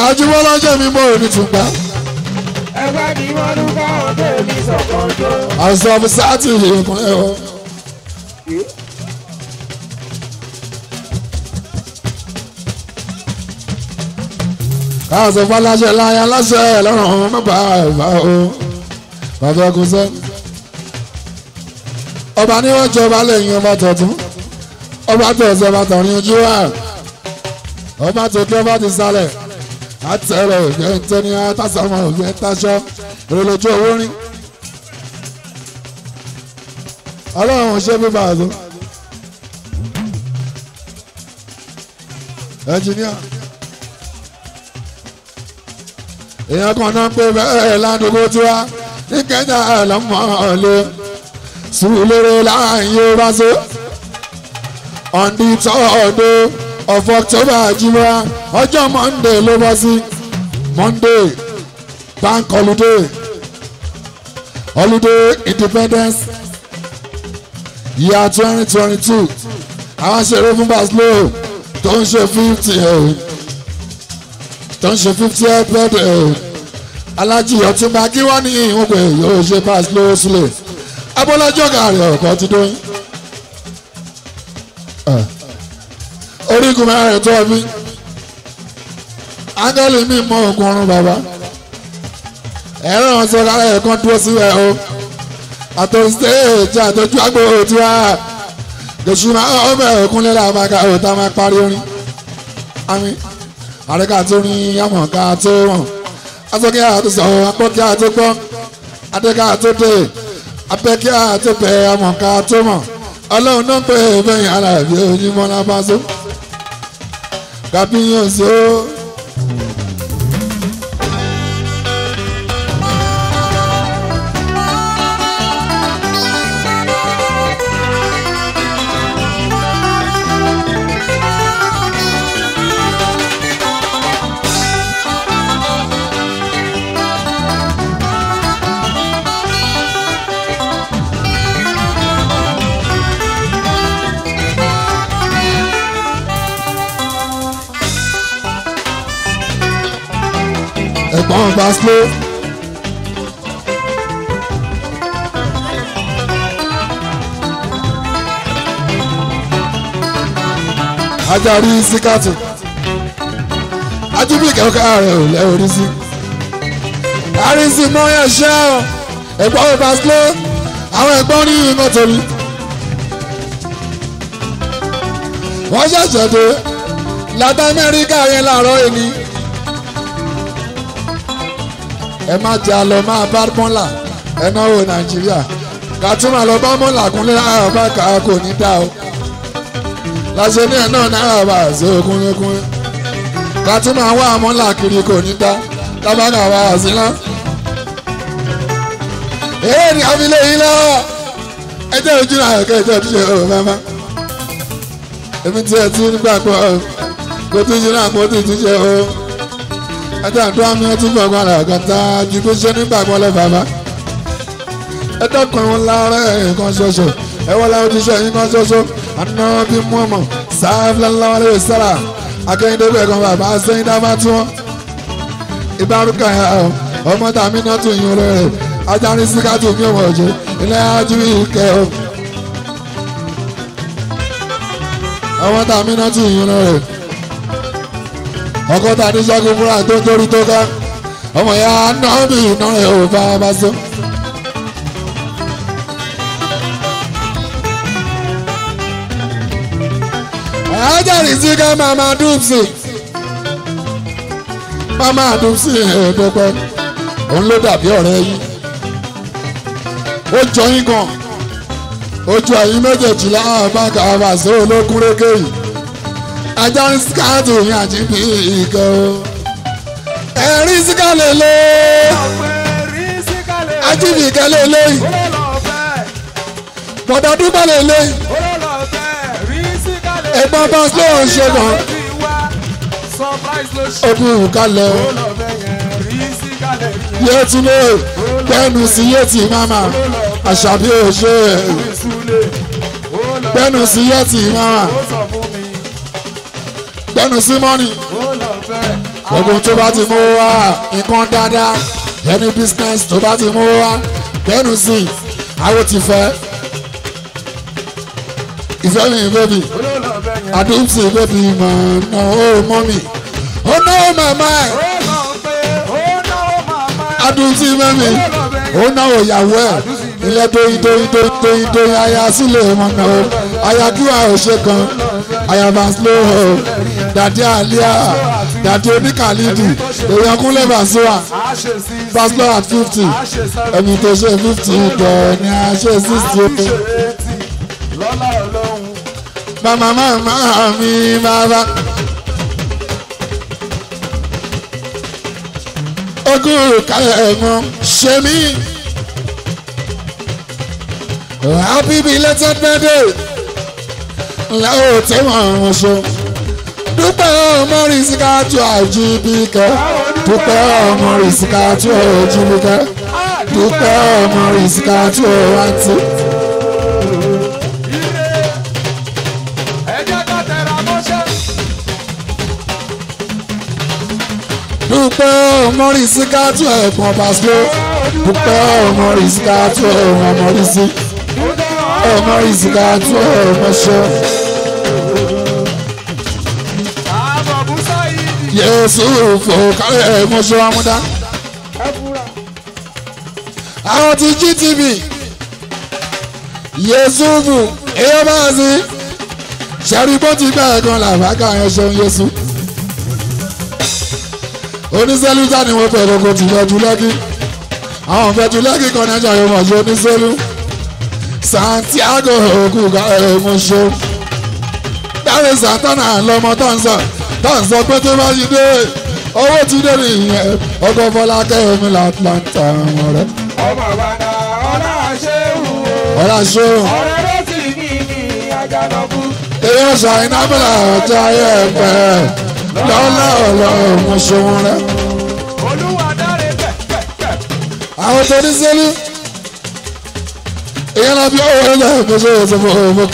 Speaker 1: àjùmọ̀ lọ́jọ́ mi mọ̀ òní tún gbà.
Speaker 2: ẹgbẹ́ ni wọ́n ń bá ọdẹ
Speaker 1: mi sọ̀kan jọ. àṣọ mi sáàtì ìrìnkùn ẹ̀ o. káàsọ̀ fọláṣẹ́ láyà láṣẹ lọ́rùn mẹ́bàá ẹ̀ bá o. bàbá kò sẹ́ni ọba ní wọ́n jọba lẹ́yìn ọba tọ̀tún ọba tó ọ̀sẹ̀ ọba tọ̀rin ojú wa ọba tó tó ọba ti sálẹ̀ àtẹ̀rẹ̀ òjẹ́ ntẹ́ni àtàsánmọ́ òjẹ́ ntaṣọ́ ìrẹ̀lẹ̀jọ́ owó rìn ọlọ́run ṣé bíbá àdó ẹnjìníà èèyàn kan náà ń pè bẹ́ẹ̀ ládùúgbò tiwa ní kẹ́ńtà ẹ̀ lọ́mọ́ ọ̀lẹ́. Sulere Lanyebaso. On the third of October Jimra, ọjọ́ Monday ló bọ́ sí. Monday bank holiday holiday independence year twenty twenty two àwọn ṣeré fún Baslo tó ń ṣe fifty tó ń ṣe fifty birthday alájì Ọ̀túnba kí wọ́n ní ìhùn pé yóò ṣe Baslo sílẹ̀ abọ́lájọ́ gàrí ọ̀kọ́ ti dóyin. Ah. orígun mẹ́rin tó mi áńgẹ́lì mi mọ ògùn ọrùn bàbá ẹ̀rọ ọ̀sán kárẹ̀ ẹ̀kan dúró síbẹ̀ o àtòsí stéèjì àtòjú àgbò òtúrà lòṣùmá ọmọ ẹ̀kún lẹ́la àmàkà òtá máa parí orin àmì àríkà tó ní àmọ̀ká tó wọ̀n asọ́kẹ́ àtòsọ̀ àpọ́kẹ́ àtògbọ́ adékà tó dé abẹ́kí àtẹ̀pẹ́ amọ̀ká tó mọ̀ ọlọ́run náà pé bẹ́yìn ara ẹ̀bí onímọ̀ lábásó kàbíyàn sí ó. kan gba slow. ajari síkàtù ajibike ọkọ rẹ ò lẹ orí sí àrísí mọ́yà ṣẹ́ ọ ẹ̀gbọ́n ọba slow àwọn ẹ̀gbọ́n ní ìmọ̀ torí. wọ́n ṣẹ̀ṣẹ̀ dé látàmẹ́ríkà yẹn láàárọ̀ ẹni ẹ má jẹ́ a lọ máa bá mọ́là ẹ náwó nàìjíríà kàtúmọ̀ lọ bá mọ́là kúnlẹ̀ náírà bá kà á kò ní dá o láṣẹ ní ẹ̀ náà náírà bá ṣe kúnlẹ̀kúnlẹ̀ kàtúmọ̀ wá mọ́là kiri kò ní dá tábàgà bá wà sí náà. èyí ni abilé yìí lọ ẹ ojú náà kẹ́ ẹ jẹ́ ojúṣe ọ̀rọ̀ mẹ́má èmi tiẹ̀ tún nígbà pọ̀ kò tún ṣe náà kò tún ṣe ọ̀rọ̀ ẹ̀tọ́ àdúrà mi tún bọ̀ padà kàtà ju bó ṣe nígbàgbọ́ lọ bàbá. ẹ dẹ́kun àwọn lára ẹ̀ kan ṣoṣo ẹ wọ́n ti ṣe ẹ̀yìn kan ṣoṣo àná bí mú ọmọ sáfìlẹ́láwọ́ lè sára akẹ́yìndé bẹ̀rẹ̀ kan bàbá sẹ́yìn dábàá tí wọ́n. ìbárúkà ọmọ tàmí náà tún yín olóore ajáni síkàtù mi ò mọ̀ jù ilé ajú ìkẹ́ o. ọmọ tàmí náà tún yín olóore ọkọ tá a ní ṣẹ́gun fúnra tó torí tó ká ọmọ ya ná mi iná rẹ̀ ò bá bá so. ajari sí ká mama dùpsì mama dùpsì ẹ̀ẹ́dẹ́gbẹ́ òun ló dàbí ọ̀rẹ́ yìí ó jọ yín gan ojú àyín méjèèjì láàbá kàwá sí olókùn rékè yìí ajá ń síkáàtù mi àti bí ìkọ́. ẹ̀rí síkà lè lé ajínigbì ìkẹ́ lè lé bọ̀dọ̀ dúpọ̀ lè lé ẹ̀gbọ́n bá slow ń ṣe mọ́ ogun kalẹ̀ yóò tún lè bẹ́ẹ̀nu sí yóò ti máma àṣàbí òṣèré bẹ́ẹ̀nu sí yóò ti máma gbẹ́nu sí mọ́nì. gbogbo tó bá ti mú wá nǹkan dáadáa ẹni business tó bá ti mú wá gbẹ́nu sí àwọn ti fẹ́. ìfẹ́ mi bẹ́bí àdúgbò bẹ́bí mọ̀ ọ́nà ó mọ́ mi ó ná ó màmá ẹ̀ àdúgbò bẹ́bí ó ná òyàwó ẹ̀ ilẹ̀ tóyin tóyin tóyin tóyin tóyin aya sílẹ̀ mọ̀nà o aya kí wàá ò ṣe kan aya slow o dàdí àlíà dàdí oníkàlídì èèyàn kúnlẹ̀ bàṣúà pásítọ̀ at fifty ẹni tó ṣe fifty gan ni a ṣe sixty. màmá màmá mi bàbá. ogún kalẹ̀ ẹ̀gbọ́n ṣe mí. happy belated birthday. láwọn ò tẹ́wọ̀n àwọn dúpẹ́ ọmọ rìsíkà tó àjíbíkẹ́ dúpẹ́ ọmọ rìsíkà tó àjíbíkẹ́ dúpẹ́ ọmọ rìsíkà tó àti. dúpẹ́ ọmọ rìsíkà tó ẹ̀gbọ́n pàṣẹ dúpẹ́ ọmọ rìsíkà tó ọmọ rìsí ọmọ rìsíkà tó ọmọ ṣẹ́. Yesu, fò kálẹ̀ mọ́ṣọ́ amúdá. àwọn ti GTV Yéṣùfù èyí máa sí ṣàrígbó ti gbà ẹ̀kan làbákà yẹn ṣeun Yéṣù. oníṣẹ́lúta ni wọ́n fẹ́ kókó ti yọjú lẹ́kì àwọn fẹ́jú lẹ́kì kan náà ṣàyẹ̀wò ọ̀ṣọ́ oníṣẹ́lú Santiago òkú kálẹ̀ mọ́ṣọ́ dáre santana lọmọ tó ń sọ tá à ń sọ pé tó bá ti dé owó ti dé nìyẹn ọkọ Fọlákẹ́ omi làtàntà wọn rẹ.
Speaker 2: ọmọ bàdà ọlá ṣéhùn o ọlá ṣéhùn ọ̀rẹ́ ló sì ní ní àjànàkú.
Speaker 1: èèyàn ṣàìná bẹ̀rẹ̀ ọjọ́ ayé ẹ̀ bẹ́ẹ̀ lọ́lá ọlọ́run ṣeun rẹ. olúwa dáre pẹ̀pẹ̀pẹ̀. àwọn tó ní sẹ́lú ìyẹn náà bí ọwọ́ ẹ̀ lẹ́yìn kó ṣe é ṣe fún ọmọ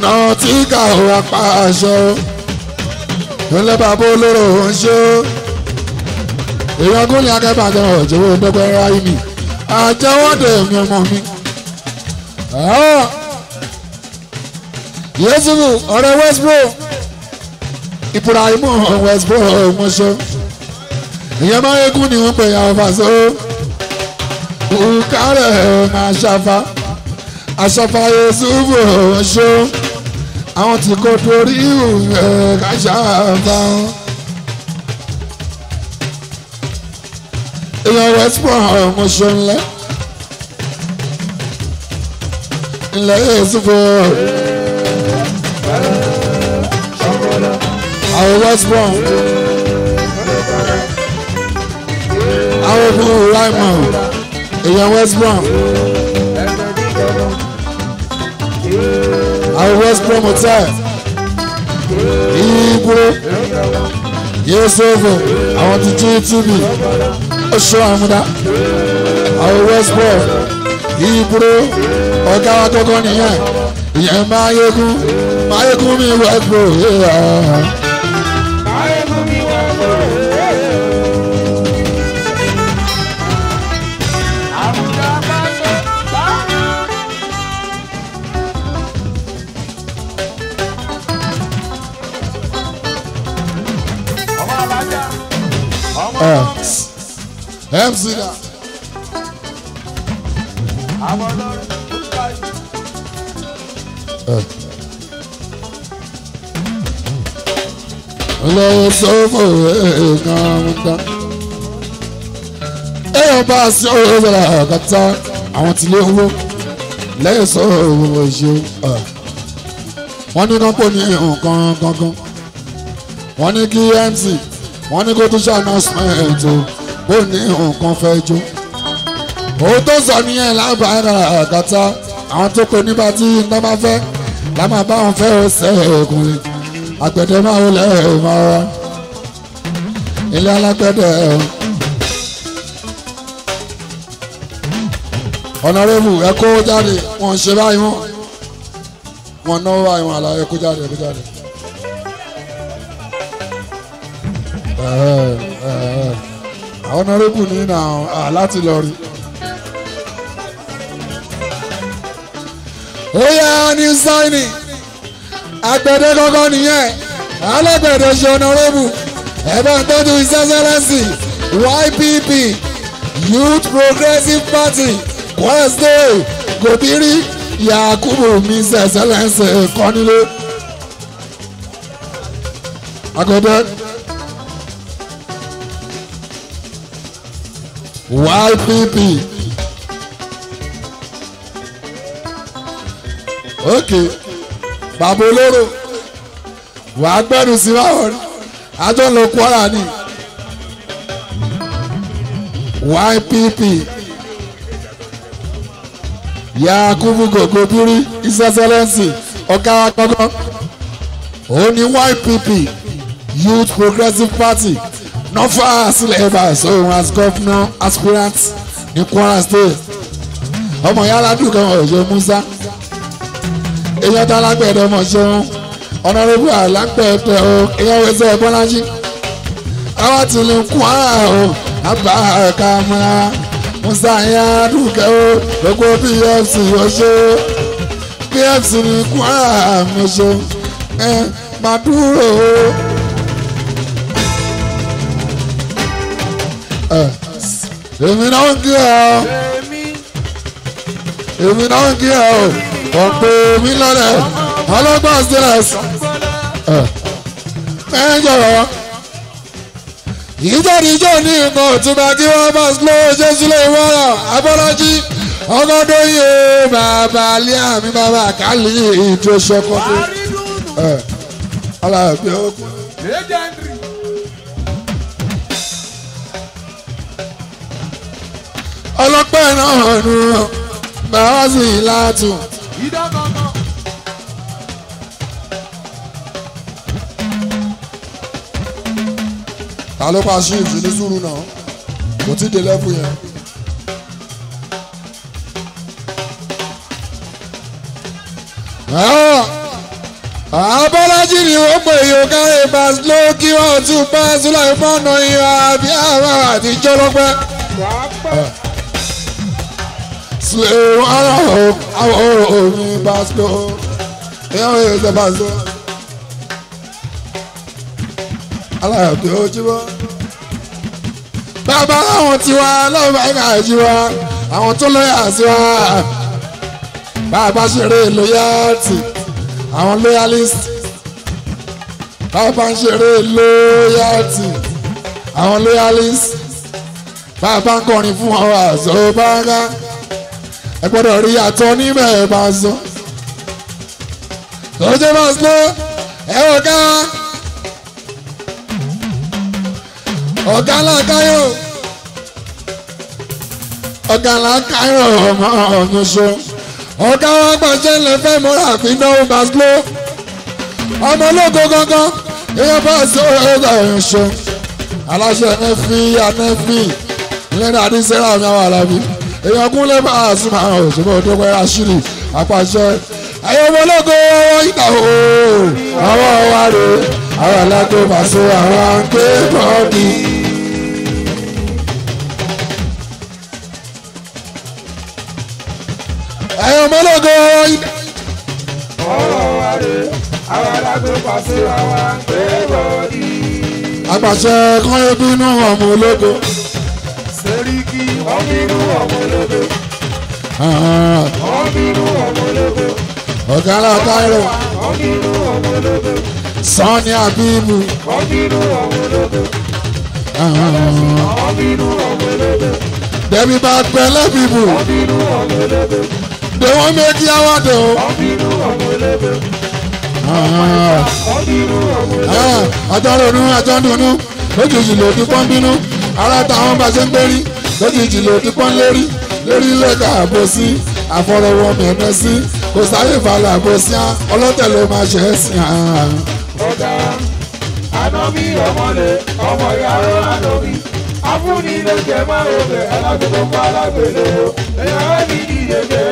Speaker 1: náà tí ká ò apá aṣọ ẹlẹ́bàbó olóró ń ṣó èèyàn gúnlẹ̀ akẹ́bàjẹ́ ọ̀jọ̀wọ́ ọ̀dọ́gbẹ́ ráyé mi àjẹwọ́dẹ̀ mi ọmọ mi. yéṣubù ọ̀rẹ́ westbro Ibrahim westbro ọmọṣọ ìyẹn máa ń egun ni wọ́n pè ya ọba so bukare ọmọ aṣafa aṣafa yéṣubù ọmọṣọ àwọn tí kò torí ẹ̀ káṣá bá wọn. èèyàn respond àwọn ọmọ ṣọlẹ ilẹ̀ yẹn sùpọ̀ àwọn respond àwọn ọmọ raimọ èèyàn respond àwọn west brom hotel ìgboro yéésòfò àwọn ti jí túbì oṣù àmúdá àwọn west brom ìgboro ọ̀gá wa kọ́kọ́ nìyẹn ìyẹn máa yẹkún máa yẹkún mi west brom MC da. àwọn ọlọ́run tó sọ́fọ̀ ẹ̀ẹ̀kan ta. ẹ̀yọ̀ bá a sí ọ̀rọ̀ ìbẹ̀rẹ̀ àkàtà àwọn tí lé owó lẹ́yìn sọ̀rọ̀ ìwọ̀n ìṣe. wọ́n ní nọ́pọ̀ ní nǹkan gangan. wọ́n ní kí MC wọ́n ní kó tún ṣe announcement o bó ní nǹkan fẹ́ jó. òun tó sọ nìyẹn lábàárà àgàtà àwọn tó kọ nígbà tí iná fẹ́ la máa bá wọn fẹ́ o ṣẹ́gun àgbẹ̀dẹ máa ń lẹ̀ máa wá ilé alágbẹ̀dẹ o. ọ̀nàrẹ́bù ẹ kó jáde wọ́n ṣe báyìí wọ́n wọ́n náwó báyìí wọ́n àlàyé kó jáde kó jáde. àwọn ọ̀nàrẹ́bù ní nà láti lọ rí. agbẹ̀dẹ nìyẹn alágbẹ̀dẹ ṣe ọ̀nàrẹ́bù ẹ̀bá YPP Youth Progressive Party Wednesday Yakubu mi YPP. ok bàbá olóró wàá gbẹ́nu sí báwọn àjọ lọ Kwara ni YPP Yakubu Gogo Biri His Excellency ọ̀gá akọ́kọ́ òun ni YPP Youth Progressive Party. Nova Silvers òun as governor aspirant ní Kwara State ọmọ yàrá dùn kan ọ̀yọ́ Musa èèyàn tá alágbẹ̀dẹ ọmọ ṣeun ọ̀nàrẹ́bù alágbẹ̀dẹ o èèyàn wẹ̀sẹ̀ bọ́lájí àwa ti lè kún ara o àbá kàmúra Musa yàrá dùn kan o gbogbo pfc yóò ṣe pfc ní kún ara mi ṣe ẹ máa dúró o. èmi náà ń gé ọ èmi náà ń gé ọ ọ̀pẹ mi lọ́lẹ̀ ọlọ́gbọ́n sílẹ̀ ẹ jọ̀rọ̀ ìjọ́nijọ́ ní nǹkan òtúnba kí wọ́n bá lọ jésù lè wọ́rọ̀ abọ́lájí ọgọ́dọ́yè bàbá alẹ́ àmì bàbá àkálí ìjọ ṣọkọ́ tó. alábẹ́ ọkùnrin. ọlọ́pẹ́ náà nù bàá sì látù. ta ló pa ṣíìtì ní sùúrù náà kò tí ì dé lẹ́fù yẹn. abọ́lájí ni wọ́n pè yóò káyé pass ló kí wọ́n tún pass láì fọ́nà ìhà àbí àwọn àtijọ́ lọ́pẹ́ sílẹ̀ o ara o àwọn o mi pásítọ̀ o ìyá mi yóò ṣe pásítọ̀ aláyọ̀ tó o jí bọ́. bàbá àwọn tiwa lọ́wọ́ bá ẹ̀ka ẹ̀jí wa àwọn tó lọ́yà sí wa bàbá ṣeré lóyàtì àwọn loyalist bàbá ń ṣeré lóyàtì àwọn loyalist bàbá ń kọrin fún ọ̀rọ̀ àzọ́ bá ń ká ẹ gbọ́dọ̀ rí àtọ́ nímọ̀ ẹ̀ máa sọ. lọ́jọ́ máa sọ ẹ ọ̀gá ọ̀gá làkàyọ̀ ọ̀gá làkàyọ̀ ọmọ ọ̀yàn ṣo ọ̀gá wa gbàjẹ́ lẹ́fẹ́ mọ́ra àfihàn ọ̀gá sọ ọmọ ológo gangan èèyàn bá sọ ọ̀gá ọ̀yàn ṣo aláṣẹ ẹ̀fí ẹ̀fí lẹ́nu àdìsẹ́rà mi àwọn àlàbí èèyàn kúnlẹ̀ máa sùn máa hàn òṣùpá òdòwò ẹ̀rá ṣírí àpàṣẹ. àyè ọmọ ológo ìgbà ooo àwọn ọ̀wárò àwọn alágbó pàṣẹ àwọn àǹké bọ́ọ̀dì. àyè ọmọ ológo ìgbà. àpàṣẹ kan ebínú ọmọ ológo
Speaker 2: wọ́n bínú ọmọlógo. wọ́n bínú ọmọlógo.
Speaker 1: ọ̀gá látàrọ̀. wọ́n bínú ọmọlógo. sani abimu. wọ́n bínú ọmọlógo. wọ́n bínú ọmọlógo. dẹ́bi bá pẹ́lẹ́ bíbù. wọ́n bínú ọmọlógo. dèwọ́n méjì àwọ̀dọ̀. wọ́n bínú ọmọlógo. ọjọ́ ronú ọjọ́ dunú lójijì lòdì pọ́ńbínú ara táwọn bá ṣe ń gbérí lójijì lòdì pọ́n lérí lérí lẹ́ka àbòsí àfọ̀rọ̀wọ̀ mẹ̀mẹ́ sí kò sáyé falẹ̀ àbòsí á ọlọ́tẹ̀ ló máa ṣe é sìn án. ọ̀gá àná mi ọmọ ìyá
Speaker 2: ló wà afúnni ló jẹ máa ń rògbè alágbèbọ̀ fún alágbèlè o ẹ̀yà wá ní ìdílé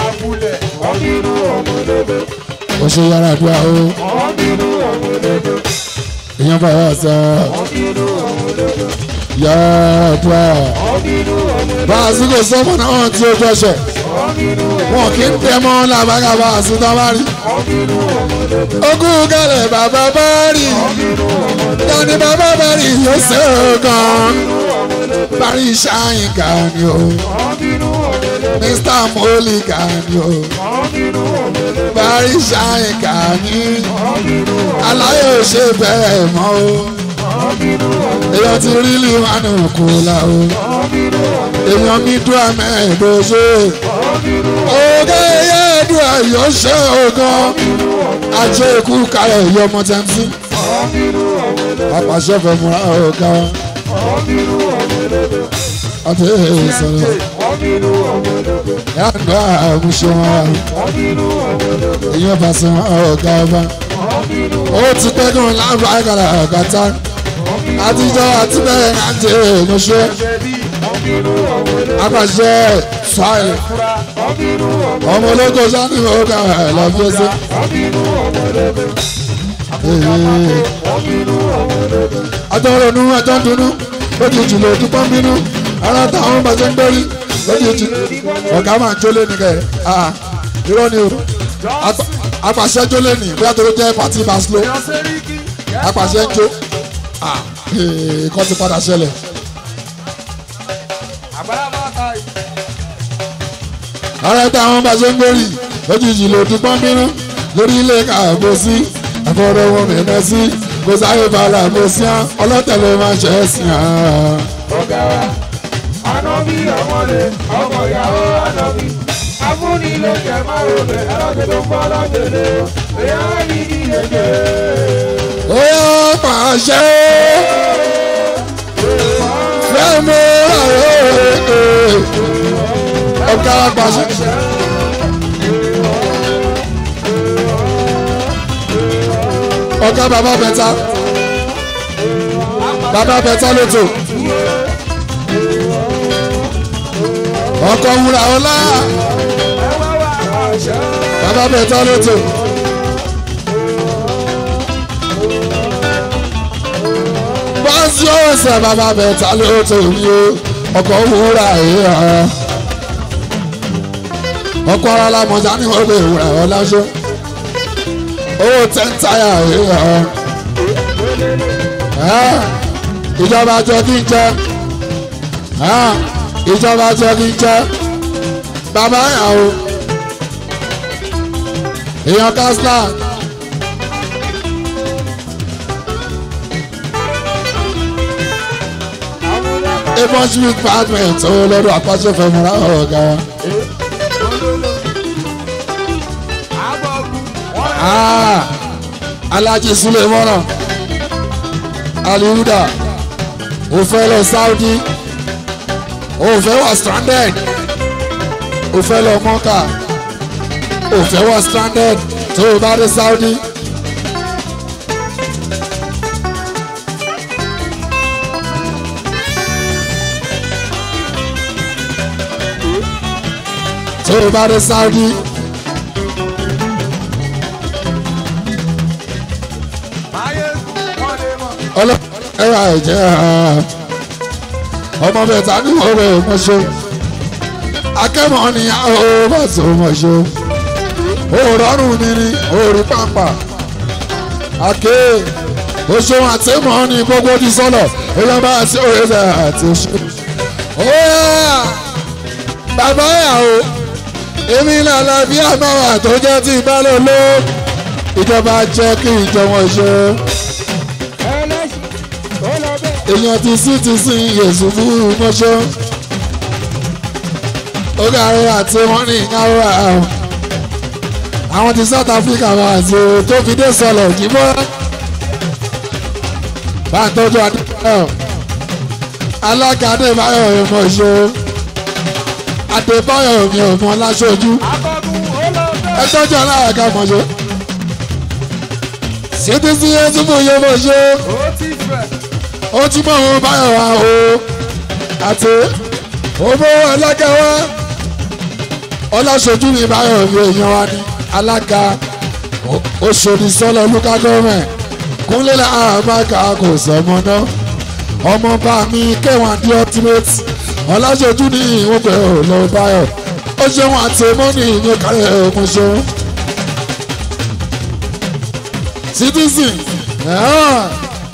Speaker 2: abúlé ọ̀bínú ọmọdébé.
Speaker 1: ó ṣe yàrá àdúrà o.
Speaker 2: ọ̀bínú ọmọdébé
Speaker 1: èèyàn bá wà sọ.
Speaker 2: yọ̀ọ̀dọ̀ bá a sì
Speaker 1: kò sọ́kùn náà wọ́n ti ojú ọ̀ṣẹ̀ wọn kì í tẹ mọ́ làbákà bá a sì tán bá rí. ogún kẹlẹ̀ bàbá bá rí tani bàbá bá rí yóò ṣe é gan parí ṣáàyìn kan ni o mr molly kan ni o bari ṣàyẹ̀ká yín aláyọ̀ ò ṣe bẹ́ẹ̀ mọ́ o èèyàn ti rí liwanu kò la o èèyàn mi dùn àmẹ́ẹ̀dọ́sọ oge yẹ dùn àyọ̀ ṣe ogan àti èkú kalẹ̀ yọ ọmọ tẹ́ǹtì apàṣẹ fẹ́ mu ọ̀gá àti èyí sọ̀rọ̀ yàgbà àmúṣọ èyàn fàṣán ọ̀gá ọba ó ti tẹ́gùn láǹfààkàrà àgàtà àtijọ́ àtibẹ̀ àti èmọ̀ṣẹ́ àpàṣẹ fàáyì ọmọ ológo sani ọ̀gá ẹ̀lọ́fẹ́sẹ̀. àtọ̀rọ̀ nù àtọ̀dùnú lójijì lòdì pọ́nbínú ara táwọn bàjẹ́ ń gbẹ́rí lórí youtube ọ̀gá máa ń jólé ni kẹ́ ẹ̀ ah, ah. irọ́ ni o apàṣẹ jólé ni bóyá tó ló jẹ́ pàtí baslo apàṣẹ ń jó ah, eh, kọ́ ti padà ṣẹlẹ̀. ara ẹ̀ta àwọn bá ṣe ń gbórí lójijì ló ti pọ́n bínú lórí ilé kààbò sí àfọwọ́dọ́wọ́ mẹ́rin sí kò sáré balà mo sí ọlọ́tẹ̀lẹ́ máa ṣe é sí i ànábì ọmọdé ọmọ ìyàwó
Speaker 2: ànábì afúnilẹ̀kẹ̀ márùn-ún aláṣẹ tó ń bọ́ lágbèlè ẹ̀yà yìí yẹ̀yẹ̀.
Speaker 1: ó yọ pàṣẹ fẹ́mi ọ̀rọ̀ ọ̀gá pàṣẹ. ọ̀gá bàbá bẹ̀ta bàbá bẹ̀ta lóto. ọkọ wura ọlá bàbá bẹ̀tọ́ ló tó. bọ́sù ọ̀sẹ̀ bàbá bẹ̀tọ́ ló tó yó ọkọ wúrà yìí hàn ọkọ ara lamọ̀já ni wọ́n lè wúrà ọlá ṣe owó tẹ́ńtáyà yìí hàn ìjọba jọ kí n jẹ ìjọba tẹ́kí jẹ́ bàbá ìyàwó èèyàn kásílà. Ebonship department owó lọ́dún apáṣẹ fẹ̀mọ́ra ọ̀gá wa. Ah, Alhaji Sulemana Aliuda ó fẹ́ lọ Saudi o fẹ́ wà stranded o fẹ́ lọ mọ́kà o fẹ́ wà stranded tó o bá dé Saudi. tó o bá dé Saudi. ọlọ́run ẹ̀rọ àìjẹ́ ààrẹ ọmọ bẹ̀tà ní ọ̀rẹ́ mọ́ṣọ́ akẹ́mọ̀ ni àwọn bá sọ mọ́ṣọ́ òrọ̀rùn mi ni orí pàmpà àké oṣooṣù àti mọ̀ ni gbogbo ti sọ̀lọ̀ ìjọba àti òrẹ́sẹ̀ àti oṣù. bàbá ìyàwó èmi làlà bí àmàwà tó jẹ́ ti ìbálòló ìjọba jẹ́ kí ìjọ ṣe èèyàn ti sí ti sin Jésù fún mọ́ṣọ́ orí àrẹ àti wọn ní ìyáwó àwọn àwọn ti South Africa wà àti tó fi dé sọlẹ̀ jìbọ́ bá ń tọ́jú adébáyọ̀ alága adébáyọ̀ ọmọ ìṣòro adébáyọ̀ mi ọmọ láṣojú ẹ tọ́jú alága mọ̀ṣọ́ ṣètò sí yẹn túbọ̀ yẹn mọ̀ṣọ́ ó túmọ̀ wọn báyọ̀ wá o àti owó ẹlẹ́gẹ̀ wá ọlọ́ṣojú mi báyọ̀ òye èèyàn wa ni alága oṣòdì sọlọ lukà gọ́ọ̀mẹ̀ kúnlẹ̀ àmàkà kò sọmọ náà ọmọ bá mi kẹwàá di ultimate ọlọ́ṣojú ni ìwọ̀n pẹ̀ ò lọ báyọ̀ ó ṣeun àti mọ́nì ìyẹn kárẹ̀ ọmọ ṣeun citizen. Yeah.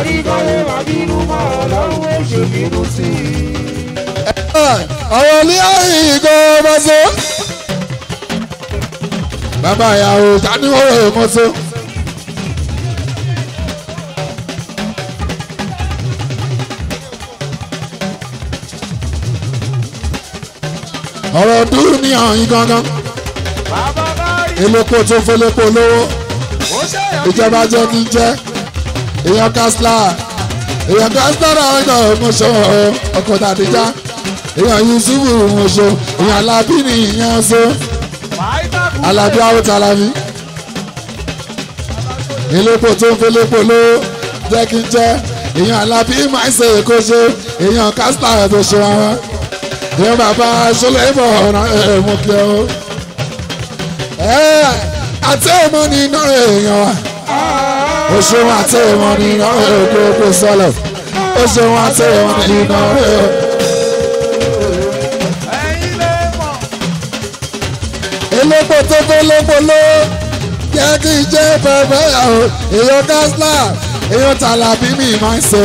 Speaker 2: àríkọ́lé wà bínú mọ́ ọlọ́run ó ṣe bínú sí
Speaker 1: i. ọ̀rọ̀ ní àríkọ́ ọmọ bàbá ìyàwó ta ni wọ́n rẹ̀ mọ́ so. ọ̀rọ̀ dúró ní àyín gangan elépo tó fẹ́lẹ́po lówó ìjọba jẹ́ kí n jẹ́ èèyàn kásílà èèyàn kásílà ọ̀dọ̀ mọ̀ṣọ́ ọkọ̀ tàdíjà èèyàn yusufu mọ̀ṣọ́ èèyàn alábí nìyẹn ṣó alábí àwọn tàlámì elépo tó ń felépo ló jẹ́ kí n jẹ́ èèyàn alábí máa ń ṣe èkó ṣe èèyàn kásílà ọ̀dọ̀ ṣe wọn èèyàn bàbá ṣọlẹ̀ ìbọ̀ ọ̀ràn ẹ̀ mọ̀ kí àti èèmọ̀ ni iná èèyàn wa ó ṣeun àti ìwọ̀n nínú ògo kò sọ̀lọ̀ ó ṣeun àti ìwọ̀n nínú ògo. elépo tó tó lépo ló jẹ́ kí n jẹ́ pẹ̀pẹ́ o èèyàn kásílà èèyàn tàlàbí mi máa ń ṣe.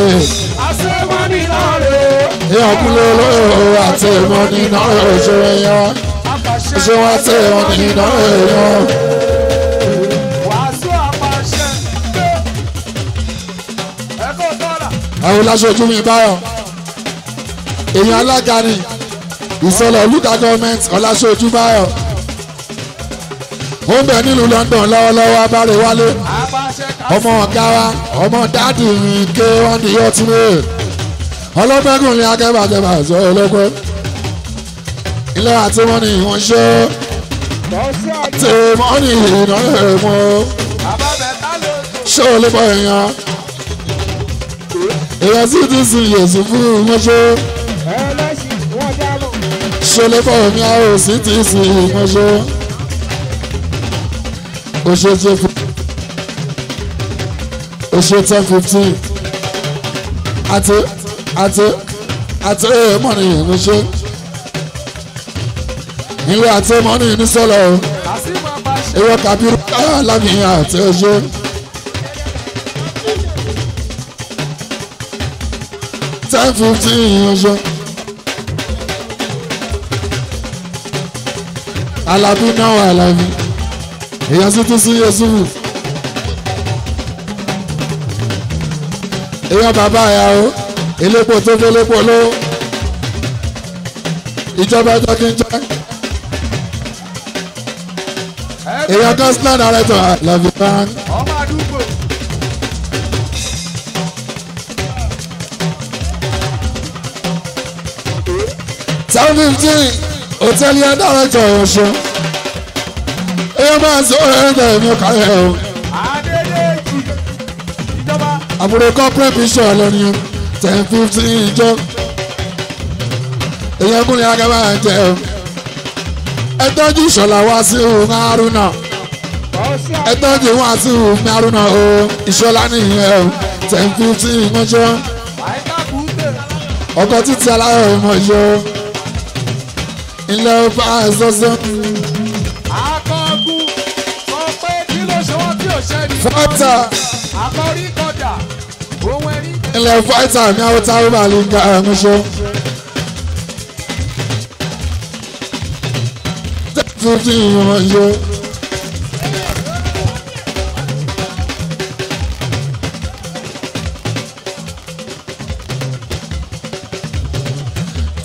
Speaker 2: àṣemọ́ni náà rè
Speaker 1: é. èèyàn kúlẹ̀ olóòrò àti ìmọ̀ nínú òṣèré yẹn. àṣewọ́n àti ìmọ̀ nínú òṣèré yẹn. àwọn olóṣojú mi báyọ̀ èèyàn alága ni ìfọlọ olùdá gọọmenti ọlásójú báyọ̀ ó ń bẹ nílùú London lọ́wọ́lọ́wọ́ abárewálé ọmọ ọ̀gá wa ọmọ dáàdì nké wọn ni yóò tún lè ọlọ́gbẹ́gùn ní akẹ́bàjẹbà sọ ológun ilé àti wọn ni wọn ṣe tèmọ́nì ìnáwó ẹ̀mọ́ ṣé olùkọ́ èèyàn ìyá sí ti sin yèsù fún ìmọ̀ṣẹ́. ṣọlẹ́ fọwọ́ mi àwọn òsì ti sin ìmọ̀ṣẹ́. òṣèṣe fún òṣè ten fifteen àti àti àti ẹ̀ mọ̀ ní ìmọ̀ṣẹ́. ìwé àti mọ̀ ní ìmísọ̀lọ̀ ìwé kàbí ah, lábìyàn àti ọṣẹ́. I love you now, nine fifteen ọ̀ṣọ́. Alábí náà Alábí èèyàn sì tún sí Yusufu èèyàn bàbá àyà o elépo tó fẹ́lẹ́pọ̀ lọ́wọ́ ìjọba ẹjọ́ kí n jẹ́ èèyàn gọ́sìnà dàrẹ́tọ̀ Alábí báńkì. one fifteen hòtẹ́lì director Ọ̀ṣun èèyàn máa sọ ọ̀rẹ́ ẹ̀dẹ̀ mi kàlẹ́ o. àbúrò corporate mission lónìí o ten fifteen ìjọ èèyàn kúnlẹ̀ agẹ́bà ń tẹ o. ẹ tọ́jú ìṣọ̀lá wá sí òun Haruna ẹ tọ́jú wá sí òun Haruna o ìṣọ̀lá nìyẹn o ten fifteen ìmọ̀jọ́ ọkọ̀ títí aláyọ̀ ìmọ̀jọ́ ńlá ọba àṣọṣọ.
Speaker 2: akọ́gun sọ pé kí ló ṣe wọ́n tí ò ṣe ní. fọ́tà àkọ́rí kọjá
Speaker 1: òun ẹni. ńlẹ̀ fọ́tà ní àwòtá ọba ló ń ga ẹ̀rùn ṣọ. tẹ́tù fi ìwọ̀n yọ.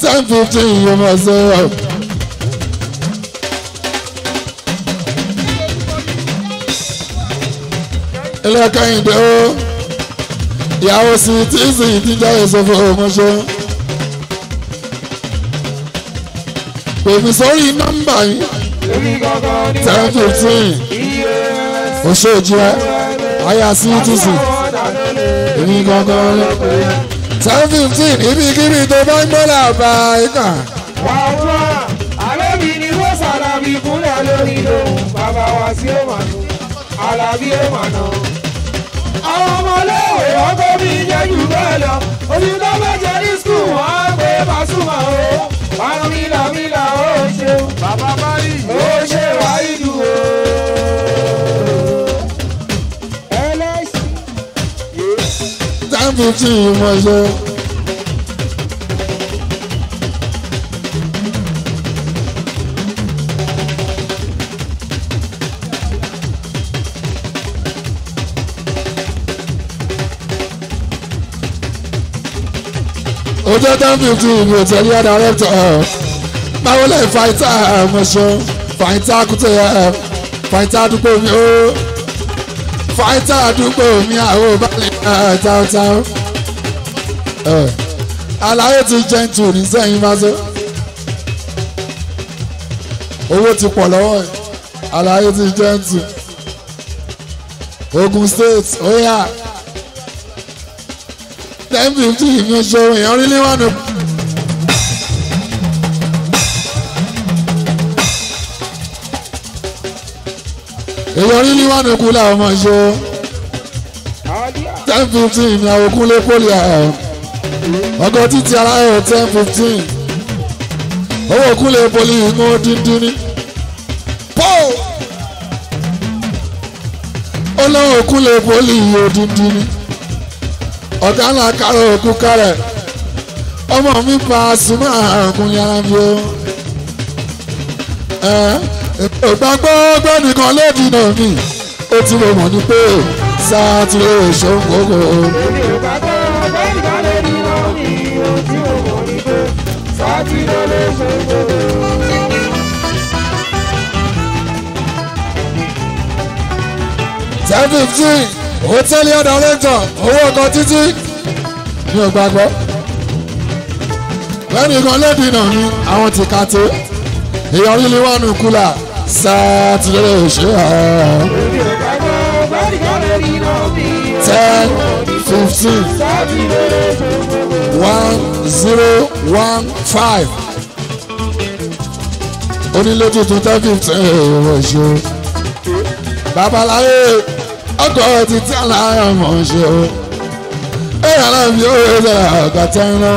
Speaker 1: ten fifteen yóò máa ṣe ẹlẹ́kẹ̀yìndé ó ìyàwó sí tí sì ti jáde sọ fún ọmọṣẹ́. pèmí sórí nọ́mbà yìí ten fifteen oṣooju ẹ àyà sí tí sì èmi gangan lẹ́kọ̀ọ́ ten fifteen ibikíbi tó bá ń gbọ́ làbà ẹ̀ka. wàhálà alẹ́ mi ni wọ́n sàrà mi kúnlẹ̀ lórí lòun bàbá wa sí ọ̀mà nù alábí ọ̀mà náà àwọn ọmọléèwé wọn tó bí jẹ́ jù bẹ́ẹ̀ lọ oṣù tó bá jẹ ní skul wọn á gbé Pasuma o wọn mílà mílà ó ṣe bàbá báyìí ó ṣe wáyìdù o. ẹlẹ́sìn. dáàbò tí mo ṣe. hundred and fifty ni o tẹ̀lé ẹ̀ director ẹ̀ báwo lẹ̀ fàìtà ẹ̀ mo ṣeun fàìtà kùtù ẹ̀ fàìtà àdúgbò mi ó fàìtà àdúgbò mi àwọn òbálẹ̀ ẹ̀ táwọ́táwọ́ ẹ̀ aláyé ti jẹ́ ntù ní sẹ́yìn bá so owó ti pọ̀ lọ́wọ́ ẹ̀ aláyé ti jẹ́ ntù Ogun State ó yà. Oh yeah ten fifty ìfi ṣòro èèyàn rí níwájú. èèyàn rí níwájú kú làwọn máa ṣe ten fifty ìfi àwọn kúnlé kólé àwọn ọgọ títí aláyọ̀ ten fifteen owó kúnlẹ̀ poli ìmọ̀ dídín ní. pọ́ọ̀ olówó kúnlẹ̀ poli ìyó dídín ní ọ̀tá ńlá kárọ̀ òkú kárẹ̀ ọmọ mi pa sùnmọ́ àrùn yàrá mi o. ìgbàgbọ́ gbẹ́nìkan lẹ́ẹ̀dì náà mi ó ti lè mọ̀ ní pé sáà ti lè ṣòǹgógó. ìgbàgbọ́
Speaker 2: gbẹ́nìkan lẹ́ẹ̀dì náà mi ó ti lè mọ̀
Speaker 1: ní pé sáà ti lè ṣòǹgógó. ten hòtẹ́ẹ̀lì ọ̀dà lẹ́tọ̀ owó ọkọ̀ títí mi ò gbàgbọ́ lẹ́nu ìkan lẹ́bi náà ni àwọn ti ka tó ìyọrí ni wọ́n nù kúlà sátidé ṣe hàn. ten fifteen one zero one five onílé tuntun ten fifteen ẹ̀ ẹ̀ wọ́n ṣe babaláyé ọkọ̀ títí alára mọ̀ ń ṣe o ẹ̀rọ aláàbí ó rẹ̀ sọ̀rọ̀ àgàtà ńlá.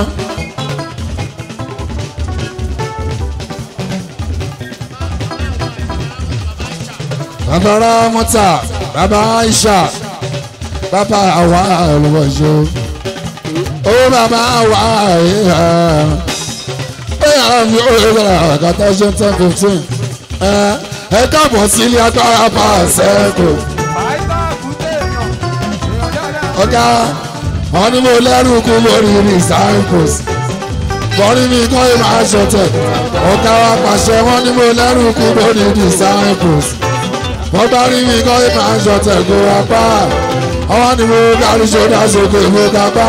Speaker 1: babara mọ́tà baba Aisha baba àwa olùwọ̀ṣọ́ ó baba àwa ìhà ẹ̀rọ aláàbí ó rẹ̀ sọ̀rọ̀ àgàtà ṣe ten fifteen ẹ̀ ẹ̀ káàbọ̀ sílé agbára pa àṣẹ ọ̀gá wọn ni mo lẹ́rù kú lórí ní sancos bọ́rí mi kọ́ ìmọ̀ àṣọtẹ̀ ọ̀gá wa pàṣẹ wọn ni mo lẹ́rù kú lórí ní sancos wọ́n bá rí mi kọ́ ìmọ̀ àṣọtẹ̀ kó wa pa ọwọ́ ni mo kárí ṣọdá sókè mo ká pa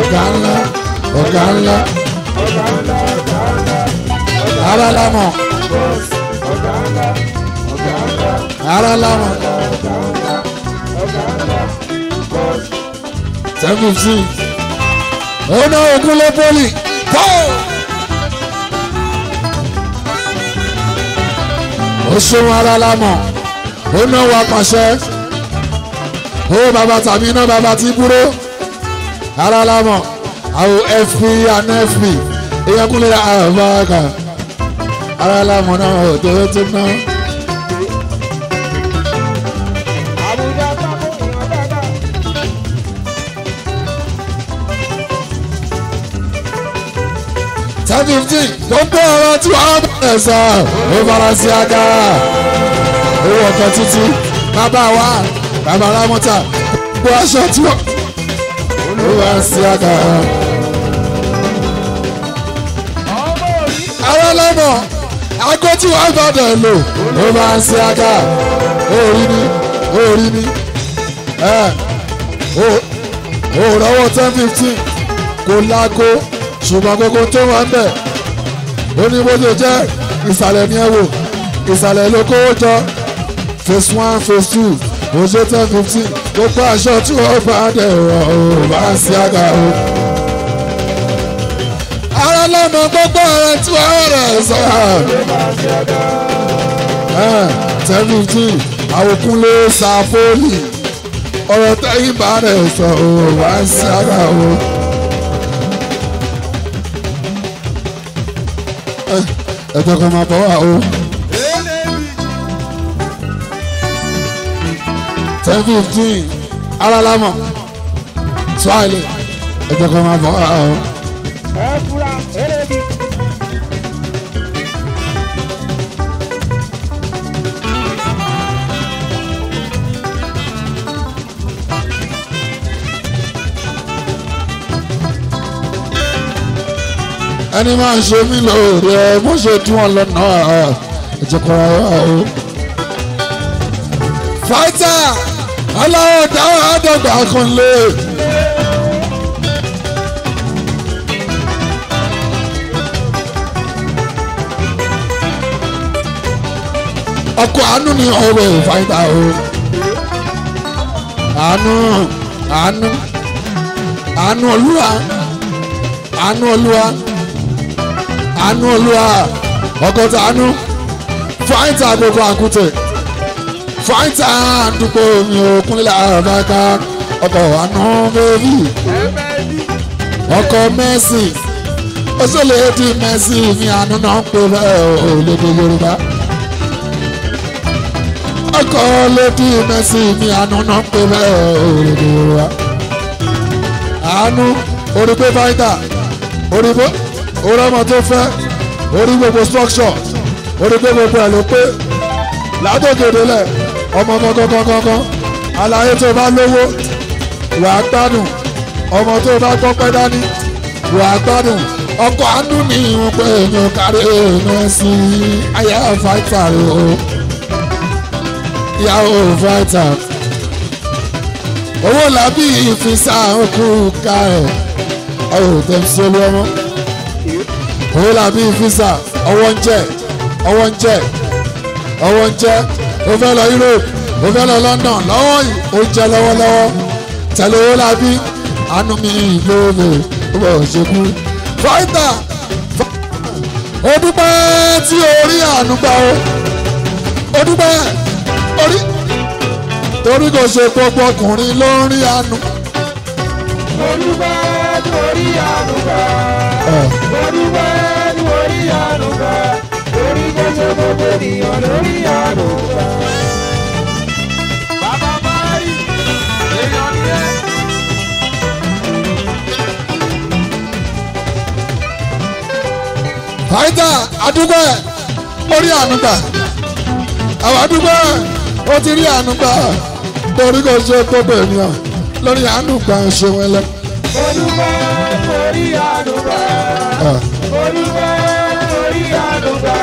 Speaker 1: ọ̀gá ńlá ọ̀gá ńlá ara lámọ̀ ara lámọ̀ ten fifteen ọ̀nà oh, ògúnlé poli pọ́ọ̀. ó ṣeun ara la mọ̀ ó ná wa pàṣẹ ó bàbá tàbí iná bàbá ti búrò ara la mọ̀ àwọn fp and fp ìyẹn kúnlẹ̀ àbáka ara la mọ̀ náà ò tó tó náà. one fifteen tó ń bẹ́ ọ̀rọ̀ tí wàá bẹ̀rẹ̀ sọ ní faransé aga owó ọ̀kan títí bàbá wa bàbá ramọ́ta gbogbo aṣọ tí wọ́n olúwa sí aga. àwọn ọlọ́mọ agbó tí wàá bàdàn lò ní faransé aga orí ni orí ni ẹ ò rọwọ́ ten fifteen kò láago ṣùgbọ́n gbogbo tó wà ń bẹ̀ ó ní bó ṣe jẹ́ ìsàlẹ̀ ni ẹ wò ìsàlẹ̀ ló kówó jọ phase one phase two oṣù ten fifteen gbogbo aṣọ tí wọ́n bá dẹ̀ rọ̀ ọ́ bá ń ṣe àgbà o. ara lọ́mọ gbogbo ọ̀rẹ́ tí wọ́n rẹ̀ sọ́ra. ten fifteen àwòkúnlé sàfóòlì ọ̀rọ̀ tẹ́yìn bá rẹ̀ sọ ọ́ bá ń ṣe àgbà o. ẹ̀jẹ̀ kan máa bọ̀ wá o. ten fifteen ara swahili ẹ̀jẹ̀ kan máa bọ̀ wá o. ẹ fura ẹ. ẹni máa ń ṣe mí lóore mo ṣe tí wọ́n lọ náà ẹ̀jẹ̀ kan ara o. fáìtà aláwọ̀ dáhùn àdọ́gba kan lé. ọkọ̀ àánú ni ọ̀rọ̀ fáìtà o. àánú àánú àánú olúwa àánú olúwa àánú olúwa ọgọ́ta àánú fáìntà gbogbo àkútẹ̀ fáìntà dúpọ̀ mi ò kúnlẹ̀ àbáká ọkọ̀ àánú bẹ́ẹ̀bì ọkọ̀ mẹ́sì oṣoolédì mẹ́sì mi àánú náà ń pè bẹ́ẹ̀ ò lédè yorùbá ọkọ̀ lédì mẹ́sì mi àánú náà ń pè bẹ́ẹ̀ ò lédè yorùbá àánú orí ọmọ tó fẹ́ orí gbogbo structure orí gbogbo pé ọmọ ọmọ kankankankan alaye tó bá lówó wà á gbádùn ọmọ tó bá gbọ́pẹ́ dání wà á gbádùn ọkọ̀ àánú mi ìwọ̀n pé kárí sí fáìtà o ìyàwó fáìtà owó làbí ìfisà òkú ká ẹ̀ òun mi visa, ọwọ́ ń jẹ́ ọwọ́ ń jẹ́ ọwọ́ ń jẹ́ ó fẹ́ lọ Europe ó fẹ́ lọ London lọ́wọ́ yìí ó jẹ́ lọ́wọ́lọ́wọ́ tẹ̀lé owó làbí àánú mi ló lè bọ̀ ṣekú. fọ́ìtà ó dúpẹ́ tí orí àánú gbà ó ó dúpẹ́ orí torí kò ṣe gbogbo ọkùnrin ló ń rí àánú. ó dúpẹ́ torí àánú gbà ó dúpẹ́
Speaker 2: àánú gbà lórí jẹjẹ gbogbo ènìyàn lórí àánú gbà. bàbá báyìí èèyàn ni
Speaker 1: ẹ. àdúgbò ẹ orí àánú àwọn àdúgbò ẹ ó ti rí àánú torí kò ṣe gbogbo ènìyàn lórí àánú ń ṣe wọn lẹ. olùkọ́ orí àánú gbà ah
Speaker 2: lórí àdùgbà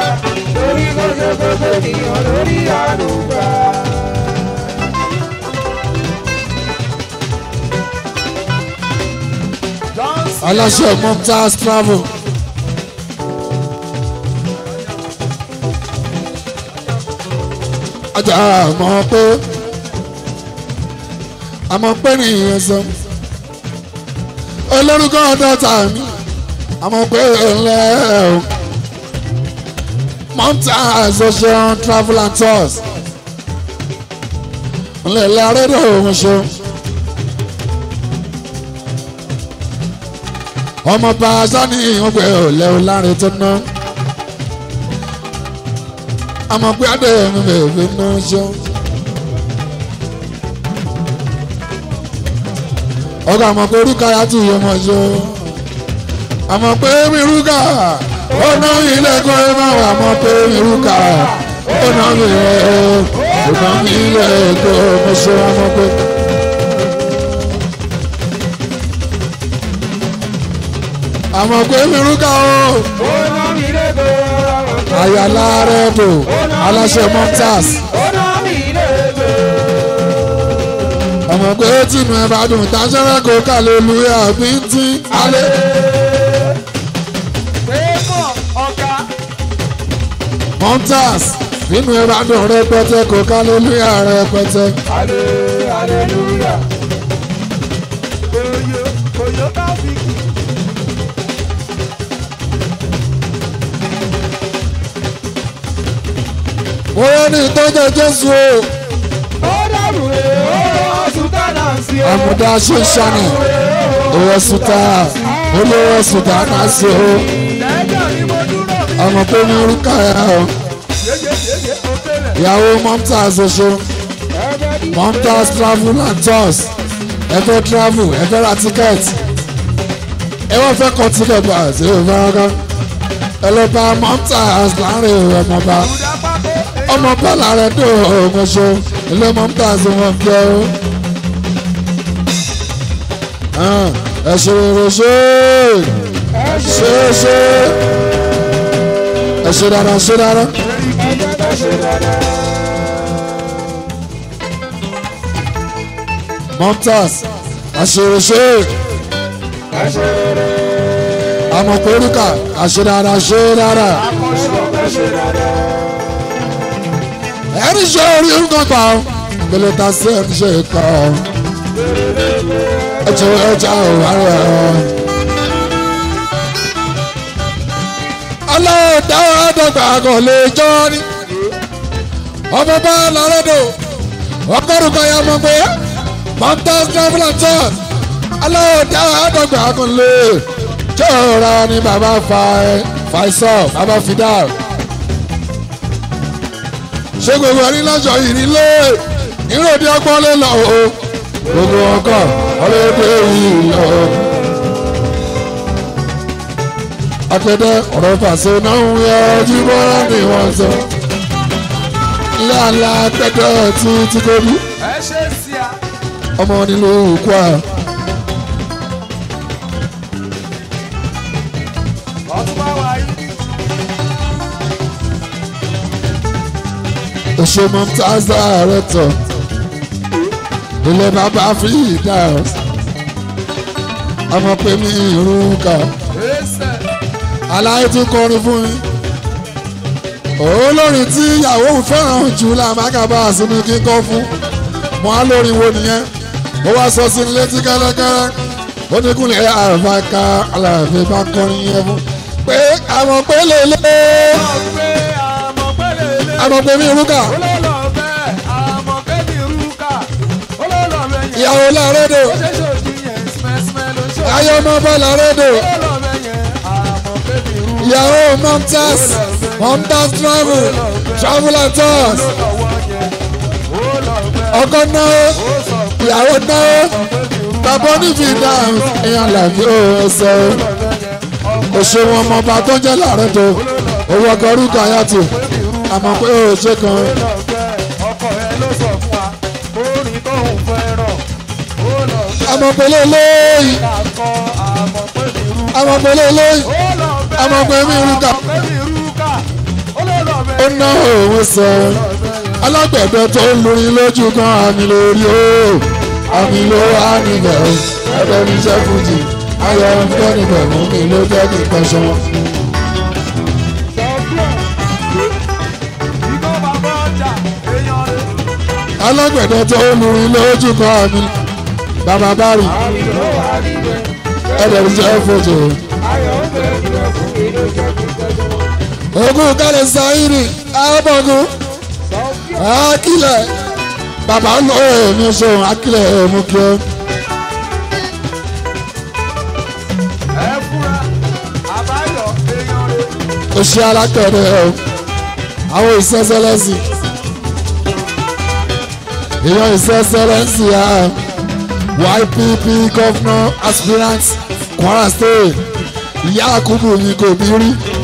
Speaker 2: lórí gbogbo gbogbo ènìyàn lórí àdùgbà.
Speaker 1: aláṣẹ mumtaz travel. ajá mọ̀ pé àmọ́ pé nìyẹn sọ olórúkọ ọ̀dọ́ta mi àmọ́ pé ẹ̀ ń lẹ́ ẹ̀ o. Mountain Association Travel and Tours Nlele arẹ́dọ̀ òun ṣe. ọmọọba sani ìhùnpẹ òlẹ ọlárin tó ná amọ̀pẹ́ adé mi bèbè ná ṣe. ọgá amọ̀pẹ́ orúkọ ayá tù yọmọ ṣe amọ̀pẹ́ mi rúkà. ọ̀nà ilẹ̀kùn ẹ máa wà mọ́ pé irúkà ọ̀nà ilẹ̀ ọ̀nà ilẹ̀kùn mo ṣe wà mọ́ pé. àmọ́ pé irúkà o. àyàlá rẹ̀ bò aláṣẹ mọ́tàs. àmọ́ pé tìǹbù ẹ bá dùn tájọ́rẹ́ kó kàlẹ́ lu ẹ̀ àbí ń tín alẹ́. Hunters nínú ìrànà rẹpẹtẹ kò kálẹ́lúyà rẹpẹtẹ.
Speaker 2: Hallelujah. Oyo oyo káfíkì.
Speaker 1: Bóyá ní ìtọ́jọ́ Jésù o. Ó dàrú rẹ̀ ó sùn tánà sí o. Àmùdá ṣe ń ṣàní. Ó wọ́n sùn tánà. Ó lé wọ́n sùn tánà sí o ọmọ tó ní orúkọ ẹ̀ ọ́ ìyàwó Momtaz Osho Momtaz travel and tours ẹ fẹ́ travel ẹ fẹ́ ra tíkẹ́ẹ̀tì ẹ wọ́n fẹ́ kọ́ tíkẹ́ẹ̀tì àti ìfowópamọ́ ẹ lọ bá Momtaz láàrin ọmọba ọmọba láàrin tó ọmọṣọ ilé Momtaz wọn fi ẹ o ẹ ṣe rere ṣe ṣe ṣe ẹ ṣe dára ẹ ṣe dára. Montas àṣereṣe àmọ̀kórìkà àṣedára àṣedára ẹni ṣe orí nǹkan pa ọ́ gbẹlẹ ta sí ẹni ṣe kọ́ ọ́ ẹjọ́ ẹjọ́ ọ̀rọ̀ ẹ̀ ọ́. aláàdá àdàgbà kò lè jọ ni ọmọ bá lọ́lọ́dọ̀ ọgọ́rùn-ún kan yà mọ̀ pé mountain traveler tour aláàdá àdàgbà kò lè jọra ni bàbá fa ẹ faisal bàbá fida ṣé gbogbo ẹni lọ́jọ́ yìí nílé ìròdì ọgbọ́n lè lọ o gbogbo ọkọ̀ ọlọ́dẹ yìí lọ akẹ́dẹ́ ọ̀rọ̀ fàṣẹ náà ń yọ ojú bọ́lá ni wọ́n sọ. láàlá akẹ́dẹ́ ọ̀tí ti kó bí. ọmọ nílò òkú à. òṣè mọ́tàzá rẹ̀ tọ̀ ilé bàbá fi dà ọmọ pé mi ìrù kà aláyé tún kọrin fún mi olórin tí ìyàwó fẹ́ràn jù làmákàbá àsìnú kíkọ́ fún mọ́ á lórin wo nìyẹn ó wá sọ sí létí kẹ́lẹ́kẹ́lẹ́ ó ní kúnlẹ̀ àfàkà aláàfin bá kọrin yẹn fún pé àwọn pélé lé àwọn pé mi rúkà
Speaker 2: ìyàwó làrédò ayọmọ bá làrédò
Speaker 1: your own mountains travel travel at us ọkọ náà ìyàwó náà bàbá onífi náà ìyàn làbí ọsẹ o ṣe wọn ọmọ ọba tó ń jẹ láàrẹ tó owó ọkọ orúkọ ayáàtì àmọ́ pé o ṣe kan. àmọ́ pẹ̀lú olóyè àmọ́ ọmọgbẹ́ mi rúkà ó ná òun sọ alágbẹ̀dẹ tó ń lórí lójú kan àmì lórí o àmì ló wà níbẹ̀ o ẹgbẹ́ mi jẹ́ fújì ayọ̀ ń fẹ́ níbẹ̀ mú mi ló jẹ́ kí n pẹ́ṣọ́ wọn. alágbẹ̀dẹ tó ń lórí lójú kan àmì bàbá bárì ẹgbẹ́ mi jẹ́ fújì o. ogun kálẹ̀ sáyìnrì ábọ̀gùn akílẹ̀ bàbá náà èmi sọ̀rọ̀ akílẹ̀ èmi kí ó. o ṣe alákẹ̀rẹ̀ o àwọn ìṣẹ́sẹ́lẹ́sì ìyọ ìṣẹ́sẹ́lẹ́sì a YPP governor aspirant Kwara state ìyá àkúbù mi kò bí rí.